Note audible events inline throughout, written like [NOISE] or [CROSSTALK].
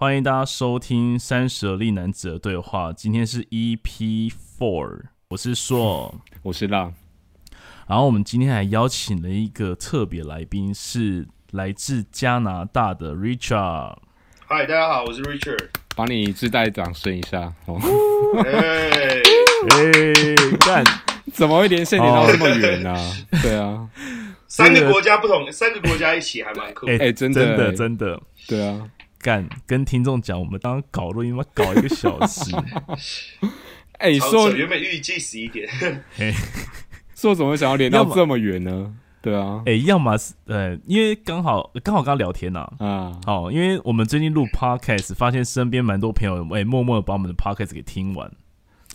歡迎大家收聽《三十而立男子的對話》，今天是 EP Four，我是碩，我是浪，然後我們今天還邀請了一個特別來賓，是來自加拿大的 Richard。Hi，大家好，我是 Richard。把你自帶掌聲一下。哈哈哎，看、hey. [LAUGHS] Hey, 幹， [LAUGHS] 怎麼會連線連到這麼遠呢、啊？Oh, [LAUGHS] 對啊，三個國家不同，三個國家一起還蠻酷。哎、欸，欸、真的，真的，真的，對啊。敢跟聽眾講，我們當搞錄音要搞了一個小時。哎、 [LAUGHS] 欸，你說原本預計十一點，哎，說怎麼會想要連到這麼遠呢？對啊，哎、欸，要麼是呃，因為剛好剛好剛聊天吶啊，好、嗯哦，因為我們最近錄 podcast，發現身邊蠻多朋友哎、欸，默默地把我們的 podcast 給聽完，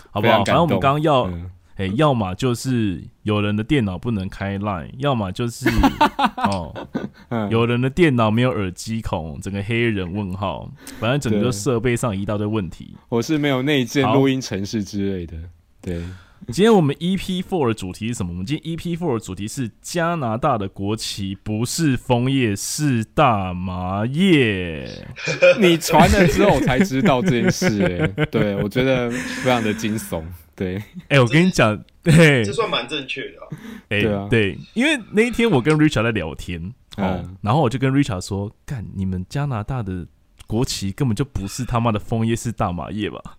好不好？反正我們剛剛要。嗯哎、欸，要麼就是有人的電腦不能開 Line，要麼就是 [LAUGHS] 哦， [LAUGHS] 有人的電腦沒有耳機孔，整個黑人問號，反正整個設備上一大堆問題。我是沒有內建錄音程式之類的，對。今天我們 EP Four 的主題是什麼？我們今天 EP Four 的主題是加拿大的國旗不是楓葉，是大麻葉。 [LAUGHS] 你傳了之後我才知道這件事、欸，對我覺得非常的驚悚。對，哎、欸，我跟你講，這算蠻正確的、啊。哎、欸啊，對，因為那一天我跟 Richard 在聊天，喔嗯、然後我就跟 Richard 說：“幹，你們加拿大的國旗根本就不是他媽的楓葉，是大麻葉吧？”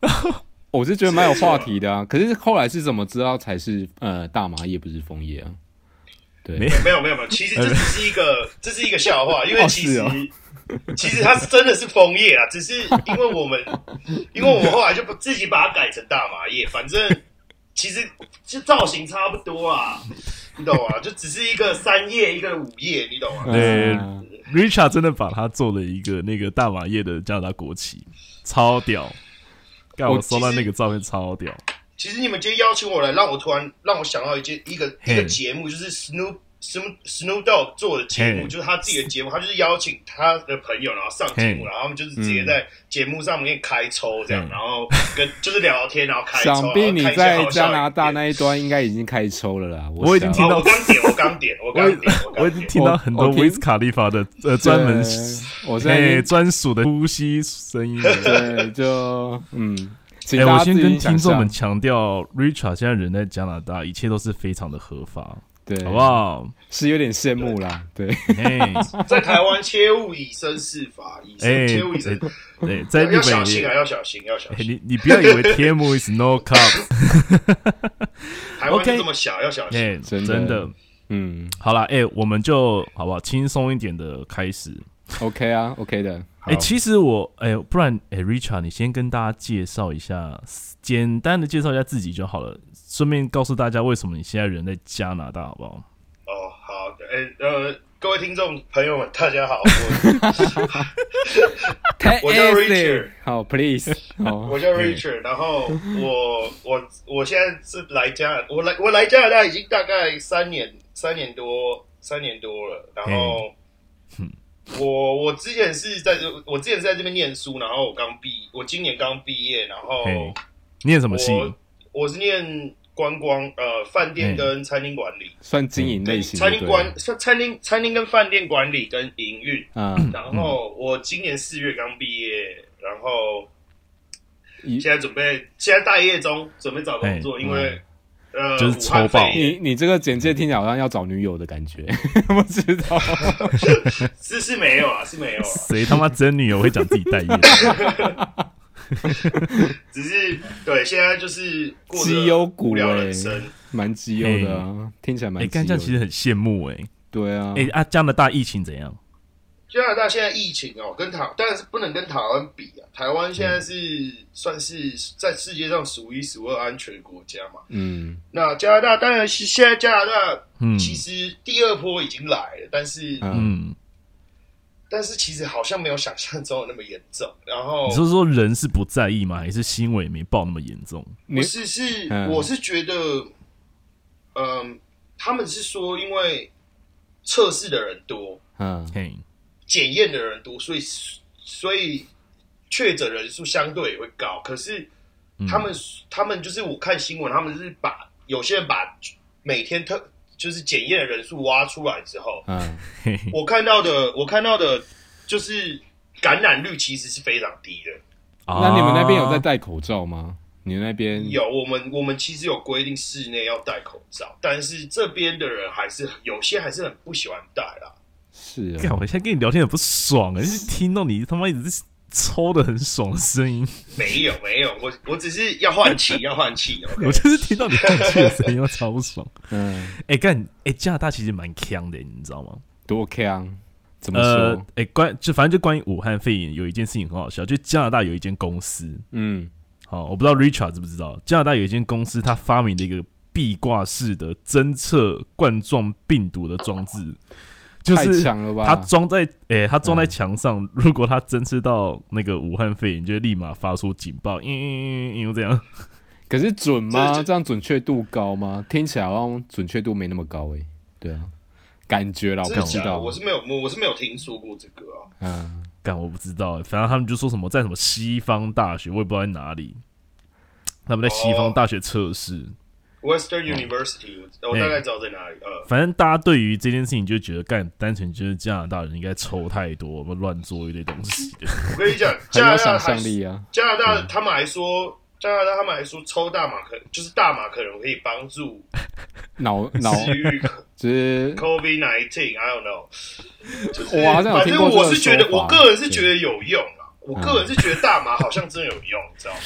[LAUGHS] 我是覺得蠻有話題的啊,啊，可是後來是怎麼知道才是呃大麻葉不是楓葉啊？對，沒有沒有沒有，其實這只是一個、呃、這是一個笑話，因為其實、哦啊、其實它是真的是楓葉啊,啊，只是因為我們因為我們後來就把自己把它改成大麻葉， [LAUGHS] 反正其實就造型差不多啊，你懂啊？就只是一個三葉一個五葉，你懂啊？嗯、欸啊啊、，Richard 真的把它做了一個那個大麻葉的加拿大國旗，超屌。我收到那個照片，超屌。其實你們今天邀請我來，讓我突然讓我想到一件一個一個節目，就是《Snoop》。什麼 Snoop Dogg 做的節目 hey, 就是他自己的節目， [LAUGHS] 他就是邀請他的朋友，然後上節目，hey, 然後他們就是直接在節目上面開抽這樣，嗯、然後跟就是聊天，然後開抽。想必你在加拿大那一端應該已經開抽了啦，我已經聽到。我剛點，我剛點, [LAUGHS] 點，我剛點，我,我,點我,我,點 [LAUGHS] 我已經聽到很多維、okay. 斯卡利法的呃專門，我哎專屬的呼吸聲音。 [LAUGHS] 對，就嗯、欸，我先跟聽眾們強調 [LAUGHS] ，Richard 現在人在加拿大，一切都是非常的合法。對，好不好？是有點羨慕啦。對，嘿，在台灣切勿以身試法，以身、欸、切勿以身。對，對在日本要小心、啊，還要小心，要小心。欸、你你不要以為天母 is no cup。 [LAUGHS] 台灣、okay, 這麼小，要小心，欸、真的真的。嗯，好了，哎、欸，我們就好不好？輕鬆一點的開始。OK 啊，OK 的。哎、欸，其實我，哎、欸，不然，哎、欸，Richard，你先跟大家介紹一下，簡單的介紹一下自己就好了，順便告訴大家為什麼你現在人在加拿大，好不好？哦，好的，哎，呃，各位聽眾朋友們，大家好， [LAUGHS] 我，我叫 Richard，好，please，我叫 Richard，Oh, oh, 我叫 Richard、okay. 然後我，我，我現在是來加，我來，我來加拿大已經大概三年，三年多，三年多了，然後。Okay. 嗯我我之前是在這，我之前是在這邊念書，然後我剛畢，我今年剛畢業，然後我、欸、念什麼戲？我是念觀光呃飯店跟餐廳管理，欸、算經營類型餐廳管，餐廳餐廳跟飯店管理跟營運、嗯。然後我今年四月剛畢業，然後現在準備現在待業中準備找工作，欸、因為。就是抽爆，呃、你你這個簡介聽起來好像要找女友的感覺， [LAUGHS] 不知道 [LAUGHS] 是是沒有啊？是沒有、啊。誰他媽真女友會講自己代言？ [LAUGHS] [LAUGHS] 只是對，現在就是過的無聊人生，蠻自由的、啊欸，聽起來蠻。哎、欸，幹這樣其實很羨慕哎、欸。對啊。哎、欸、啊，加拿大疫情怎樣？加拿大現在疫情哦、喔，跟台但是不能跟台灣比啊。台灣現在是算是在世界上數一數二安全的國家嘛嗯。嗯，那加拿大當然是現在加拿大，嗯，其實第二波已經來了，嗯、但是嗯，嗯，但是其實好像沒有想象中的那麼嚴重。然後你是說，說人是不在意嗎？還是新聞也沒報那麼嚴重？不是，是、嗯、我是覺得，嗯，他們是說因為測試的人多，嗯，嘿。檢驗的人多，所以所以確診人數相對也會高。可是他們、嗯、他們就是我看新聞，他們是把有些人把每天特就是檢驗的人數挖出來之後，嗯， [LAUGHS] 我看到的我看到的就是感染率其實是非常低的。那你們那邊有在戴口罩嗎？你們那邊有？我們我們其實有規定室內要戴口罩，但是這邊的人還是有些還是很不喜歡戴啦。是、哦，我現在跟你聊天也不爽，欸，是，是聽到你他媽一直抽的很爽的聲音。沒有，沒有，我我只是要換氣， [LAUGHS] 要換氣。Okay? 我就是聽到你換氣的聲音 [LAUGHS] 超爽。嗯，哎、欸，幹，哎，加拿大其實蠻強的，欸，你知道嗎？多強？怎麼說？哎、呃欸，關，就反正就關於武漢肺炎有一件事情很好笑，就加拿大有一間公司，嗯，好，哦，我不知道 Richard 知不知道，加拿大有一間公司，他發明了一個壁掛式的偵測冠狀病毒的裝置。哦就是太強了吧？他裝在誒，他裝在牆上、嗯。如果他偵測到那個武漢肺炎，就會、是、立馬發出警報。因、嗯、為、嗯嗯、這樣，可是準嗎？這，這樣準確度高嗎？聽起來好像準確度沒那麼高誒、欸。對啊，感覺我不知道。我是沒有，我是沒有聽說過這個啊。嗯，但我不知道、欸。反正他們就說什麼在什麼西方大學，我也不知道在哪裡。他們在西方大學測試。Oh. Western University、嗯、我大概知道在哪裡。呃、欸、嗯，反正大家對於這件事情就覺得幹單純就是加拿大人應該抽太多，我們亂、嗯、做一堆東西。我跟你講，加拿大、啊、加拿大加拿大他們還說，加拿大他們還說抽大麻可就是大麻可能可以幫助腦腦，就是 COVID nineteen、就是、I don't know、就是。哇我好像反正我是覺得，我個人是覺得有用啊、嗯。我個人是覺得大麻好像真的有用，你知道嗎？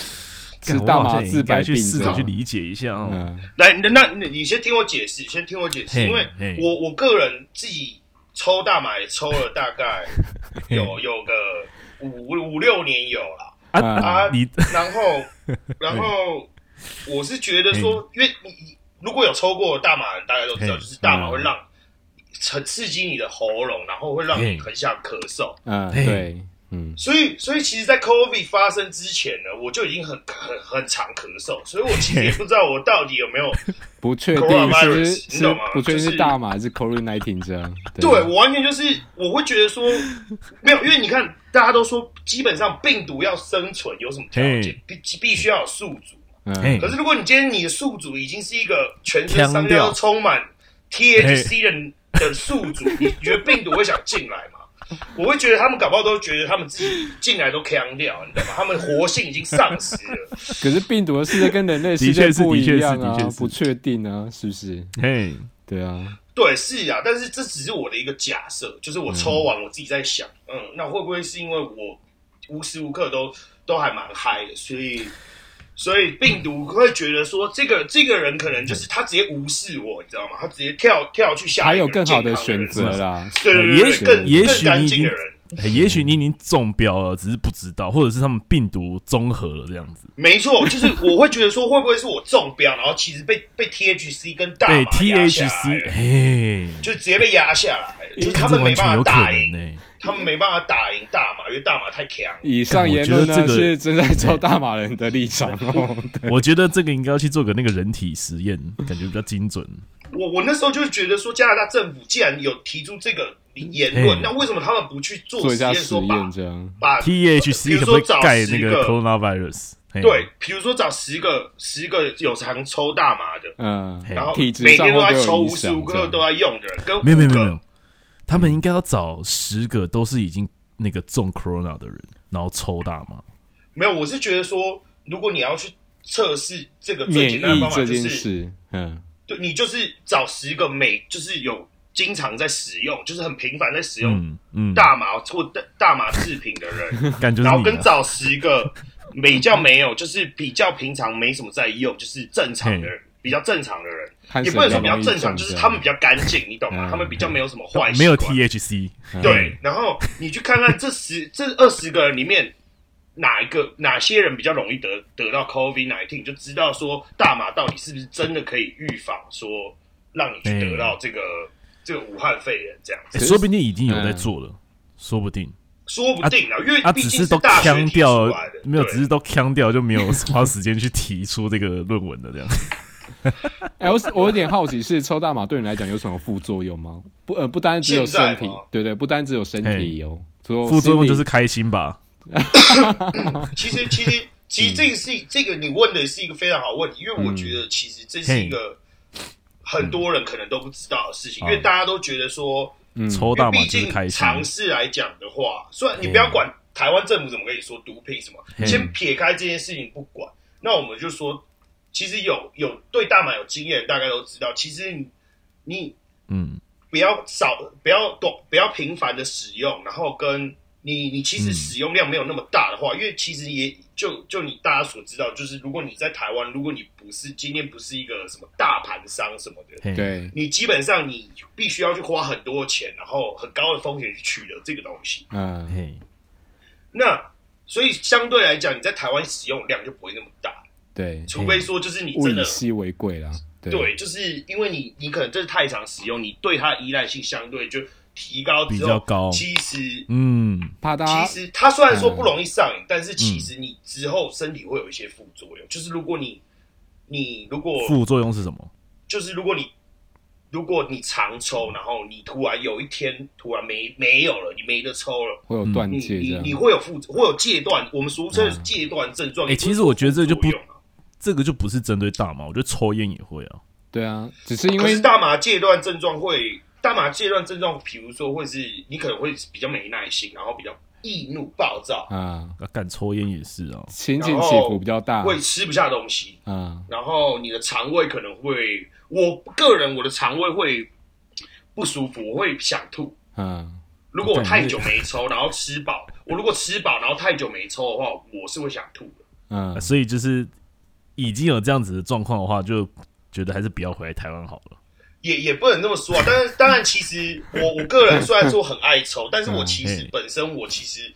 知道，就自白去思考，去理解一下哦，嗯、來，那那你先聽我解釋，先聽我解釋，因為我我個人自己抽大麻也抽了大概有有個五五六年有了啊啊，然後然後我是覺得說，因為你如果有抽過大麻，大家都知道，就是大麻會讓很刺激你的喉嚨，然後會讓你很想咳嗽。嗯，對。嗯，所以所以其實，在 COVID 發生之前呢，我就已經很很很，很常咳嗽，所以我其實也不知道我到底有沒有不確定。其實你懂嗎？我是，是，是大麻還、就是、是 COVID Nineteen 這樣。對，對我完全就是我會覺得說沒有，因為你看大家都說，基本上病毒要生存有什麼條件？必必須要有宿主。嗯。可是如果你今天你的宿主已經是一個全身上下都充滿 THC 的的宿主，你覺得病毒會想進來？ [LAUGHS] 我會覺得他們搞不好都覺得他們自己進來都 k 掉，你知道嗎？他們活性已經喪失了。 [LAUGHS] 可是病毒的世界跟人類的確不一樣啊？ [LAUGHS] 的確是、的確是、的確是，不確定啊，是不是？嘿，hey，對啊，對，是啊。但是這只是我的一個假設，就是我抽完我自己在想嗯，嗯，那會不會是因為我無時無刻都都還蠻嗨的，所以。所以病毒會覺得說，這個這個人可能就是他直接無視我，嗯、你知道嗎？他直接跳跳去下一個，還有更好的選擇啦。對，對，對，對，對也許更乾淨的人，欸、也許你已經中標了，只是不知道，或者是他們病毒綜合了這樣子。沒錯，就是我會覺得說，會不會是我中標， [LAUGHS] 然後其實被被 THC 跟大麻 H C 去，THC, 就直接被壓下來，欸，就是他們沒辦法打贏他們沒辦法打贏大麻，因為大麻太強。以上言論呢，我覺得，這個，是站在抽大麻人的立場我 [LAUGHS] 我。我覺得這個應該要去做個那個人體實驗，感覺比較精準。 [LAUGHS] 我我那時候就覺得說，加拿大政府既然有提出這個言論，欸，那為什麼他們不去做實驗？實驗這樣。把 T H C 比如說找十個 coronavirus，對，比如說找十個十個有常抽大麻的，嗯，然後每天都在抽，無時無刻都在用的人，跟沒有沒有沒有。沒有沒有他們應該要找十個都是已經那個中 Corona 的人，然後抽大麻。沒有，我是覺得說，如果你要去測試這個最簡單方法就是，嗯，對你就是找十個每就是有經常在使用，就是很頻繁在使用大麻，嗯嗯、或大，大麻製品的人， [LAUGHS] 然後跟找十個比較沒有，就是比較平常沒什麼在用，就是正常的人。比較正常的人，也不能說比較正常，就是他們比較乾淨，你懂嗎、嗯？他們比較沒有什麼壞事，沒有 THC 對。對、嗯，然後你去看看這十 [LAUGHS] 這二十個人裡面哪一個哪些人比較容易得得到 COVID-19，就知道說大麻到底是不是真的可以預防，說讓你去得到這個、嗯、這個武漢肺炎這樣子、欸就是。說不定已經有在做了，嗯、說不定，啊、說不定啊，因為他、啊啊、只是都強調沒有，只是都強調就沒有花時間去提出這個論文的這樣。哎 [LAUGHS] 欸，我我有點好奇是，是抽大麻對你來講有什麼副作用嗎？不，呃，不單只有身體，對，對對，不單只有身體有 hey, 副作用，就是開心吧？ [LAUGHS] 其實，其實，其實這個是、嗯、這個你問的是一個非常好問題，因為我覺得其實這是一個很多人可能都不知道的事情，嗯、因為大家都覺得說、嗯、畢竟抽大麻就是開心。嘗試來講的話，雖然你不要管台灣政府怎麼跟你說毒品什麼、嗯，先撇開這件事情不管，那我們就說。其實有有對大麻有經驗，大概都知道。其實你比較，嗯，不要少，不要多，不要頻繁的使用。然後跟你你其實使用量沒有那麼大的話，嗯、因為其實也就就你大家所知道，就是如果你在台灣，如果你不是今天不是一個什麼大盤商什麼的，對，你基本上你必須要去花很多錢，然後很高的風險去取得這個東西。嗯，嘿那所以相對來講，你在台灣使用量就不會那麼大。對，除非說就是你真的，欸、物以稀為貴啦。對，對，就是因為你你可能這是太常使用，你對它依賴性相對就提高比較高。其實，嗯，怕它。其實它雖然說不容易上癮、嗯，但是其實你之後身體會有一些副作用。嗯、就是如果你你如果副作用是什麼？就是如果你如果你常抽，然後你突然有一天突然沒沒有了，你沒得抽了，會有斷你這樣，你會有副、嗯、會有戒斷。我們俗稱戒斷、嗯嗯、症狀。哎，其實我覺得這就不用了。這個就不是針對大麻，我覺得抽菸也會啊。對啊，只是因為、啊、是大麻戒斷症狀會，大麻戒斷症狀，比如說，會是你可能會比較沒耐心，然後比較易怒暴躁啊。敢抽菸也是哦、喔，心情起伏比較大，會吃不下東西啊。然後你的腸胃可能會，我個人我的腸胃會不舒服，我會想吐啊。如果我太久沒抽，然後吃飽， [LAUGHS] 我如果吃飽然後太久沒抽的話，我是會想吐的。啊、所以就是。已經有這樣子的狀況的話，就覺得還是不要回來台灣好了。也也不能這麼說啊，但是當然，其實我我個人雖然說很愛抽， [LAUGHS] 但是我其實、嗯、本身我其實，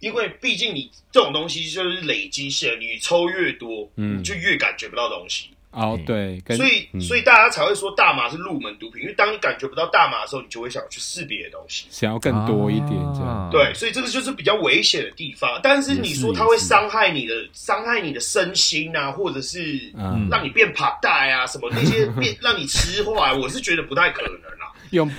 因為畢竟你這種東西就是累積性的，你抽越多，嗯，就越感覺不到東西。嗯哦、oh，對，所以所以大家才會說大麻是入門毒品，因為當你感覺不到大麻的時候，你就會想要去試別的東西，想要更多一點這樣。啊、對，所以這個就是比較危險的地方。但是你說它會傷害你的，的、傷害你的身心啊，或者是嗯，讓你變胖帶啊什麼那些變讓你吃壞， [LAUGHS] 我是覺得不太可能啊。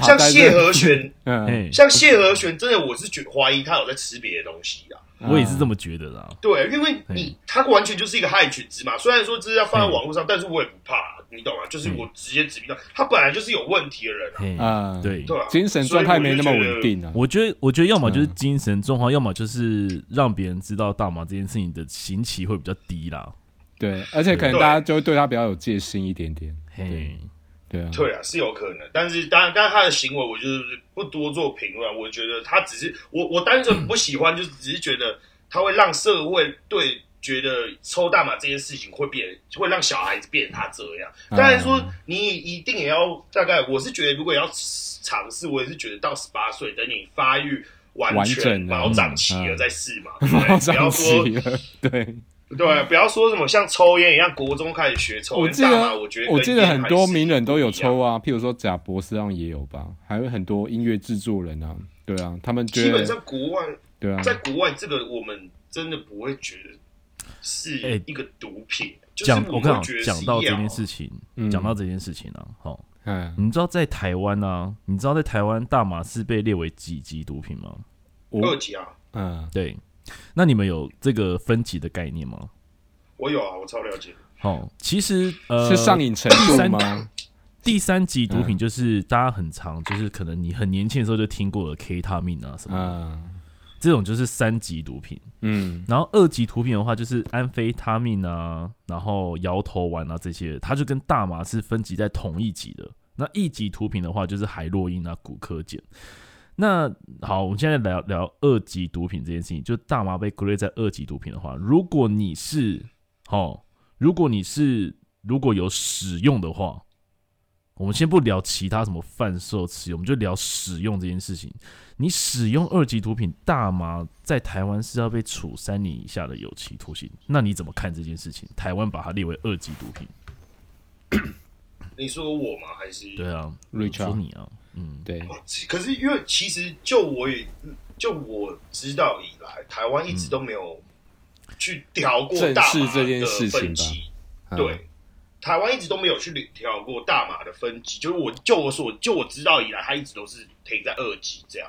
像謝和弦， [LAUGHS] 嗯，像謝和弦，真的，我是覺懷疑他有在吃別的東西啊。我也是這麼覺得的、啊嗯，對，因為你他完全就是一個害群之馬。雖然說這是要放在網絡上，但是我也不怕，你懂嗎、啊？就是我直接指明到他，本來就是有問題的人啊，對，對，精神狀態沒那麼穩定啊。我覺得，我覺得要麼就是精神狀況，要麼就是讓別人知道大麻這件事情的刑期會比較低啦。對，而且可能大家就會對他比較有戒心一點點。對。對對對對啊，對啊，是有可能，但是當然，但是他的行為我就是不多做評論。我覺得他只是我，我單純不喜歡，嗯、就是只是覺得他會讓社會對覺得抽大麻這件事情會變，會讓小孩子變他這樣。當然說你一定也要大概，我是覺得如果要嘗試，我也是覺得到十八歲，等你發育完全毛，然後長齊了、嗯嗯、再試嘛、嗯對對，不要說對。對、啊，不要說什麼像抽菸一樣，國中開始學抽菸。我記得，我覺得我記得很多名人都有抽啊，譬如說賈博士上也有吧，還有很多音樂制作人啊，對啊，他們覺得、啊、基本上國外對啊，在國外這個我們真的不會覺得是一個毒品。講、欸就是欸，我跟你講，到這件事情，講、嗯、到這件事情了，好，嗯，你知道在台灣呢、啊？你知道在台灣大麻是被列為幾級毒品嗎？二級啊，嗯，對。那你們有這個分級的概念嗎？我有啊，我超了解。好、哦，其實呃，是上癮程度嗎、呃？第三級毒品就是大家很常，嗯、就是可能你很年輕的時候就聽過的 K 他命啊什麼的、嗯，這種就是三級毒品。嗯，然後二級毒品的話就是安非他命啊，然後搖頭丸啊這些，它就跟大麻是分級在同一級的。那一級毒品的話就是海洛因啊、古柯鹼。那好，我們現在聊聊二級毒品這件事情。就是大麻被歸類在二級毒品的話，如果你是哦，如果你是如果有使用的話，我們先不聊其他什麼販售、詞，我們就聊使用這件事情。你使用二級毒品大麻，在台灣是要被處三年以下的有期徒刑。那你怎麼看這件事情？台灣把它列為二級毒品？你說我嗎？還是對啊，Richard，我說你啊？嗯，對。可是因為其實就我也就我知道以來，台灣一直都沒有去調過大麻的分級，啊、對，台灣一直都沒有去調過大麻的分級，就是我就我所就我知道以來，它一直都是停在二級這樣。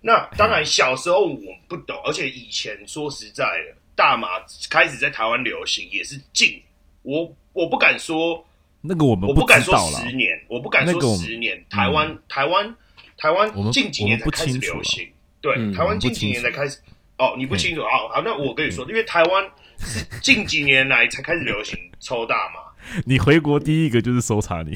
那當然小時候我們不懂、嗯，而且以前說實在的，大麻開始在台灣流行也是近，我我不敢說。那個我們不我不敢說十年，我不敢說十年。台、那、灣、個，台灣、嗯，台灣，台灣近幾年才開始流行。啊、對，嗯、台灣近幾年才開始。哦，你不清楚啊、嗯哦？好，那我跟你說，嗯、因為台灣是近幾年來才開始流行抽 [LAUGHS] 大麻。你回國第一個就是搜查你。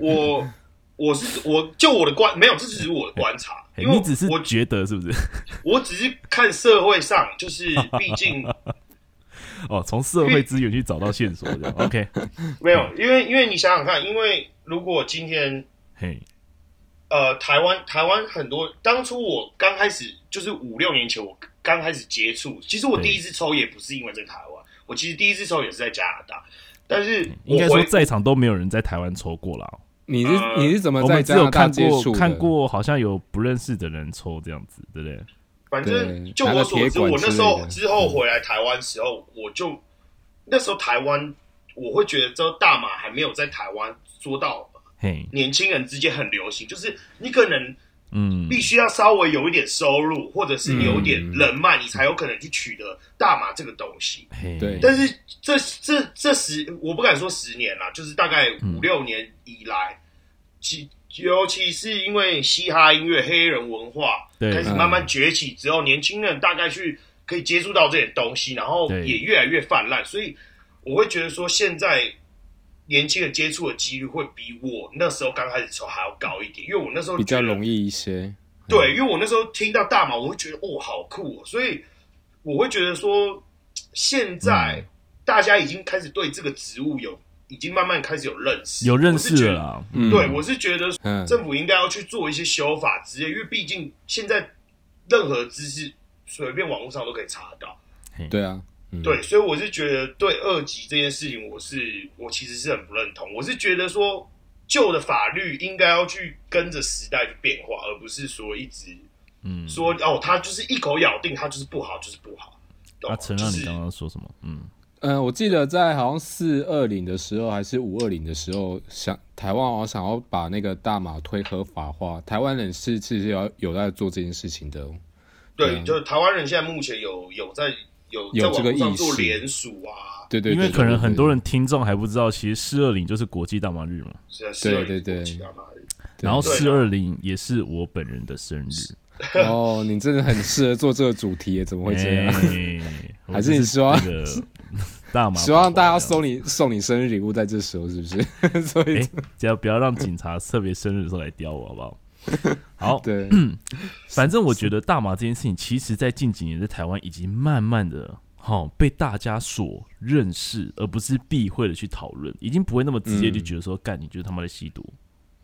我我我是我就我的觀沒有，這只是我的觀察，因為我只是我覺得是不是？我只是看社會上，就是畢竟。 [LAUGHS] 哦，從社會資源去找到線索，這樣 OK？沒有，嗯、因為因為你想想看，因為如果今天嘿，呃，台灣台灣很多，當初我剛開始就是五六年前，我剛開始接觸，其實我第一次抽也不是因為在台灣，我其實第一次抽也是在加拿大，但是我應該說在場都沒有人在台灣抽過了。你是你是怎麼在加拿大接觸、呃？看過，看過好像有不認識的人抽這樣子，對不對？反正就我所知，我那時候之後回來台灣時候，我就那時候台灣，我會覺得這大麻還沒有在台灣說到，年輕人之間很流行，就是你可能嗯，必須要稍微有一點收入，或者是有點人脈，你才有可能去取得大麻這個東西。對，但是這這這十，我不敢說十年了，就是大概五六年以來，幾。尤其是因為嘻哈音樂、黑人文化開始慢慢崛起，之後，嗯、年輕人大概去可以接觸到這點東西，然後也越來越泛濫，所以我會覺得說，現在年輕人接觸的幾率會比我那時候剛開始的時候還要高一點，因為我那時候比較容易一些、嗯。對，因為我那時候聽到大麻，我會覺得哦，好酷、喔，所以我會覺得說，現在大家已經開始對這個植物有。已經慢慢開始有認識，有認識了、嗯。對，我是覺得政府應該要去做一些修法之類，嗯、因為畢竟現在任何知識隨便網絡上都可以查得到。對啊、嗯，對，所以我是覺得，對二級這件事情，我是我其實是很不認同。我是覺得說，舊的法律應該要去跟着時代去變化，而不是說一直說嗯說哦，他就是一口咬定，他就是不好，就是不好。阿陳那你剛剛說什麼？就是、嗯。嗯，我記得在好像四二零的時候，還是五二零的時候，想台灣好像想要把那個大麻推合法化，台灣人是其實是有有在做這件事情的、哦。對，嗯、就是台灣人現在目前有有在有有這個意思做聯署啊。對對，對，對，對，對對，因為可能很多人聽眾還不知道，其實四二零就是國際大麻日嘛。對對對，對對對，然後四二零也是我本人的生日。哦，你真的很適合做這個主題，怎麼會這樣？欸、 [LAUGHS] 還是你說、啊？ [LAUGHS] [LAUGHS] 大麻，希望大家要送你送你生日禮物，在這時候是不是？ [LAUGHS] 所以、欸、只要不要讓警察，特別生日的時候來刁我，好不好？好，對， [COUGHS] 反正我覺得大麻這件事情，其實，在近幾年在台灣已經慢慢的哈被大家所認識，而不是避諱的去討論，已經不會那麼直接就覺得說，幹、嗯，你就是他媽的吸毒。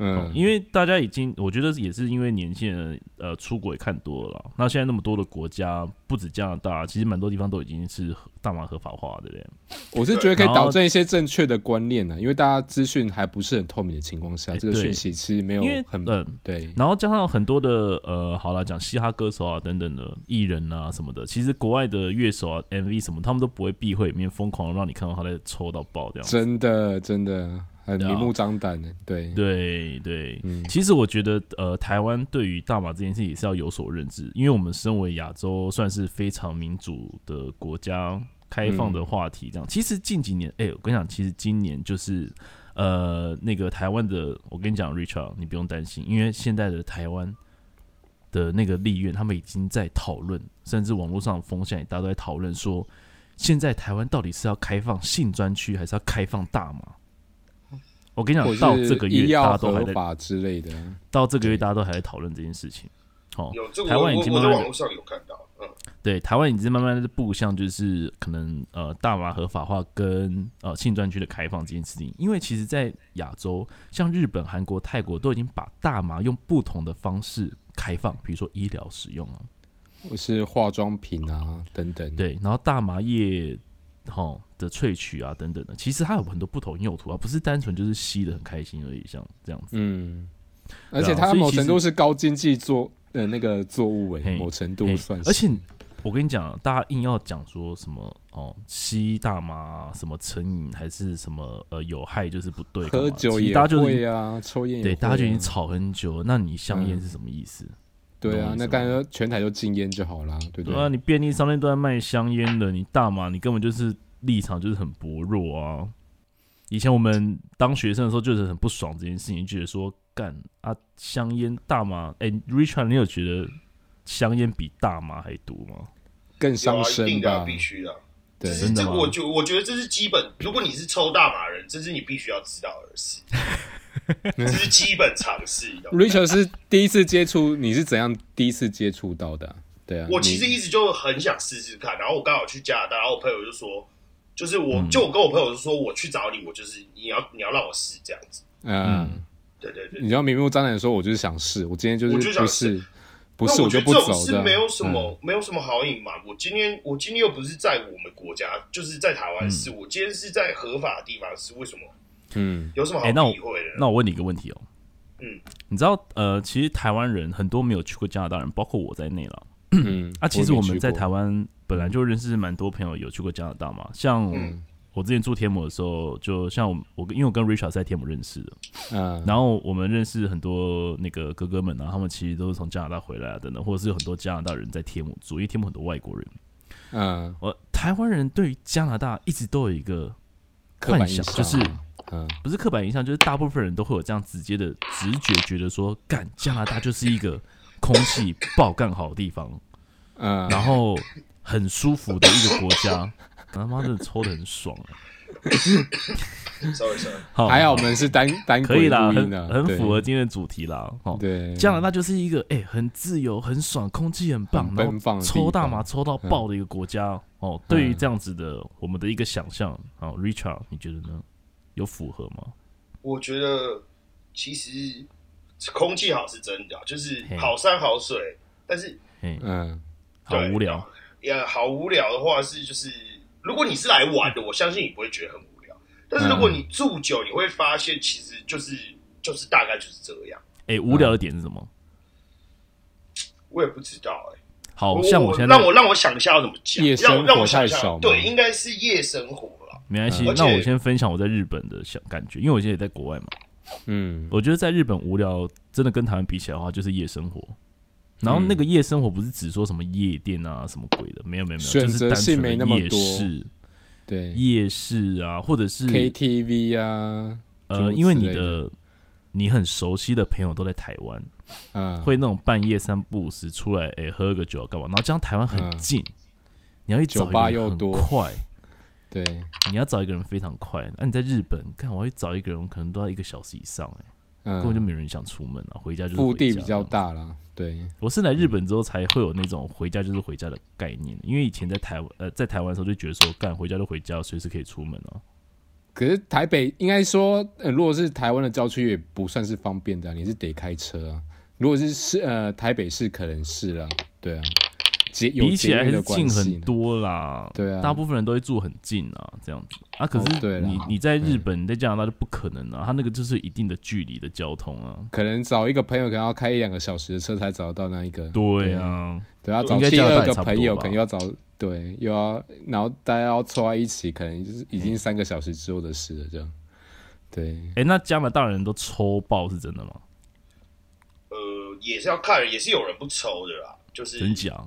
嗯、哦，因為大家已經，我覺得也是因為年輕人呃出國看多了，那現在那麼多的國家，不止加拿大，其實蠻多地方都已經是大麻合法化的。對不對？我是覺得可以導正一些正確的觀念呢、呃，因為大家資訊還不是很透明的情況下、欸，這個訊息其實沒有很因為嗯對。然後加上很多的呃，好啦講嘻哈歌手啊等等的藝人啊什麼的，其實國外的樂手啊 MV 什麼，他們都不會避諱，裡面瘋狂的讓你看到他在抽到爆掉。真的，真的。很明目張膽的，對對對、嗯。其實我覺得，呃，台灣對於大麻這件事也是要有所認知，因為我們身為亞洲算是非常民主的國家，開放的話題這樣。嗯、其實近幾年，哎、欸，我跟你講，其實今年就是呃，那個台灣的，我跟你講，Richard，你不用擔心，因為現在的台灣的那個立院，他們已經在討論，甚至網絡上的風險大家都在討論說，現在台灣到底是要開放性專區，還是要開放大麻？我跟你講，到這個月大家都還在，之類的，到這個月大家都還在討論這件事情。哦，這個、台灣已經慢慢，網上有看到、嗯，對，台灣已經慢慢的，步向就是可能呃大麻合法化跟呃性專區的開放這件事情。因為其實在，在亞洲像日本、韓國、泰國都已經把大麻用不同的方式開放，比如說醫療使用我啊，或是化妝品啊等等，對，然後大麻葉，哈、哦。的萃取啊，等等的，其實它有很多不同用途啊，不是單純就是吸得很開心而已，像這樣子。嗯，而且它某程度是高經濟作呃、嗯嗯、那個作物為、欸、某程度算是。而且我跟你講，大家硬要講說什麼哦，吸大麻、啊、什麼成癮還是什麼呃有害就是不對，喝酒也會啊，就是、抽菸、啊、對,對，大家就已經吵很久、嗯。那你香菸是什麼意思？對啊，那感覺全台都禁菸就好啦。對對,對？那、啊、你便利商店都在賣香菸的，你大麻你根本就是。立場就是很薄弱啊！以前我們當學生的時候，就是很不爽這件事情，覺得說幹啊，香菸、大麻。哎、欸、Richard，你有覺得香菸比大麻還多嗎？更傷身、啊，一定的、啊，必須的、啊。對，真的嗎？我就、這個、我覺得這是基本，如果你是抽大麻人，這是你必須要知道的事。 [LAUGHS] 這是基本常識。 [LAUGHS] Richard 是第一次接觸，你是怎樣第一次接觸到的、啊？對啊，我其實一直就很想試試看，然後我剛好去加拿大，然後我朋友就說。就是我，嗯、就我跟我朋友說，我去找你，我就是你要你要讓我試這樣子嗯。嗯，對對對，你知道明目張膽說，我就是想試。我今天就是，不是，不是，我覺得這種是沒有什麼、嗯、沒有什麼好隱瞞。我今天我今天又不是在我們國家，就是在台灣試、嗯。我今天是在合法的地方，是為什麼？嗯，有什麼好體會的、欸那？那我問你一個問題哦。嗯，你知道，呃，其實台灣人很多沒有去過加拿大人，包括我在內了。嗯，啊，其實我們在台灣。本來就認識蠻多朋友，有去過加拿大嘛？像我之前住天母的時候，就像我，我跟，因為我跟 Richard 在天母認識的，嗯，然後我們認識很多那個哥哥們啊，他們其實都是從加拿大回來等等，或者是有很多加拿大人在天母住，因為天母很多外國人，嗯，我台灣人對於加拿大一直都有一個幻想，就是嗯，不是刻板印象，就是大部分人都會有這樣直接的直覺，覺得說，幹加拿大就是一個空氣爆幹好的地方，嗯，然後。很舒服的一個國家，他 [LAUGHS] 媽真的抽的很爽啊！ [LAUGHS] 稍微稍微，還好我們是單單可以啦，嗯、很很符合今天的主題啦。哦，對，加拿大就是一個哎、欸，很自由、很爽，空氣很棒很，然後抽大麻抽到爆的一個國家。哦、嗯，對於這樣子的我們的一個想象啊，Richard，你覺得呢？有符合嗎？我覺得其實空氣好是真的，就是好山好水，但是嗯嗯，好無聊。也好無聊的話是就是，如果你是來玩的、嗯，我相信你不會覺得很無聊。但是如果你住久，你會發現其實就是就是大概就是這樣。哎、嗯，無聊的點是什麼？我也不知道哎、欸。好像我先我讓我讓我想一下要怎麼講，夜生活太少，對，應該是夜生活了、嗯。沒關係，那我先分享我在日本的小感覺，因為我現在也在國外嘛。嗯，我覺得在日本無聊，真的跟台灣比起來的話，就是夜生活。然後那個夜生活不是只說什麼夜店啊什麼鬼的，沒有沒有沒有，就是單純的夜市，對，夜市啊，或者是 KTV 啊，呃、就是、因為你的你很熟悉的朋友都在台灣，嗯，會那種半夜三不五時出來誒、欸、喝個酒要幹嘛？然後這樣台灣很近、嗯，你要去找一個人很快多，對，你要找一個人非常快。那、啊、你在日本看，我要找一個人可能都要一個小時以上、欸，哎、嗯，根本就沒人想出門了、啊，回家就。腹地比較大啦。對，我是來日本之後才會有那種回家就是回家的概念，因為以前在台灣，呃，在台灣的時候就覺得說，幹，回家就回家，隨時可以出門哦。可是台北應該說，呃，如果是台灣的郊區也不算是方便的，你是得開車啊。如果是是呃，台北市可能是啊，對啊。比起來還是近很多啦，對啊，大部分人都會住很近啊，這樣子啊。可是你、oh, 對你，你在日本、嗯、在加拿大就不可能的，他那個就是一定的距離的交通啊。可能找一個朋友可能要開一兩個小時的車才找得到那一個。對啊，對啊，找第、啊、二個朋友可能要找對，又要然後大家要湊在一起，可能就是已經三個小時之後的事了這樣。嗯、對，哎、欸，那加拿大人都抽爆是真的嗎？呃，也是要看，也是有人不抽的啦。就是，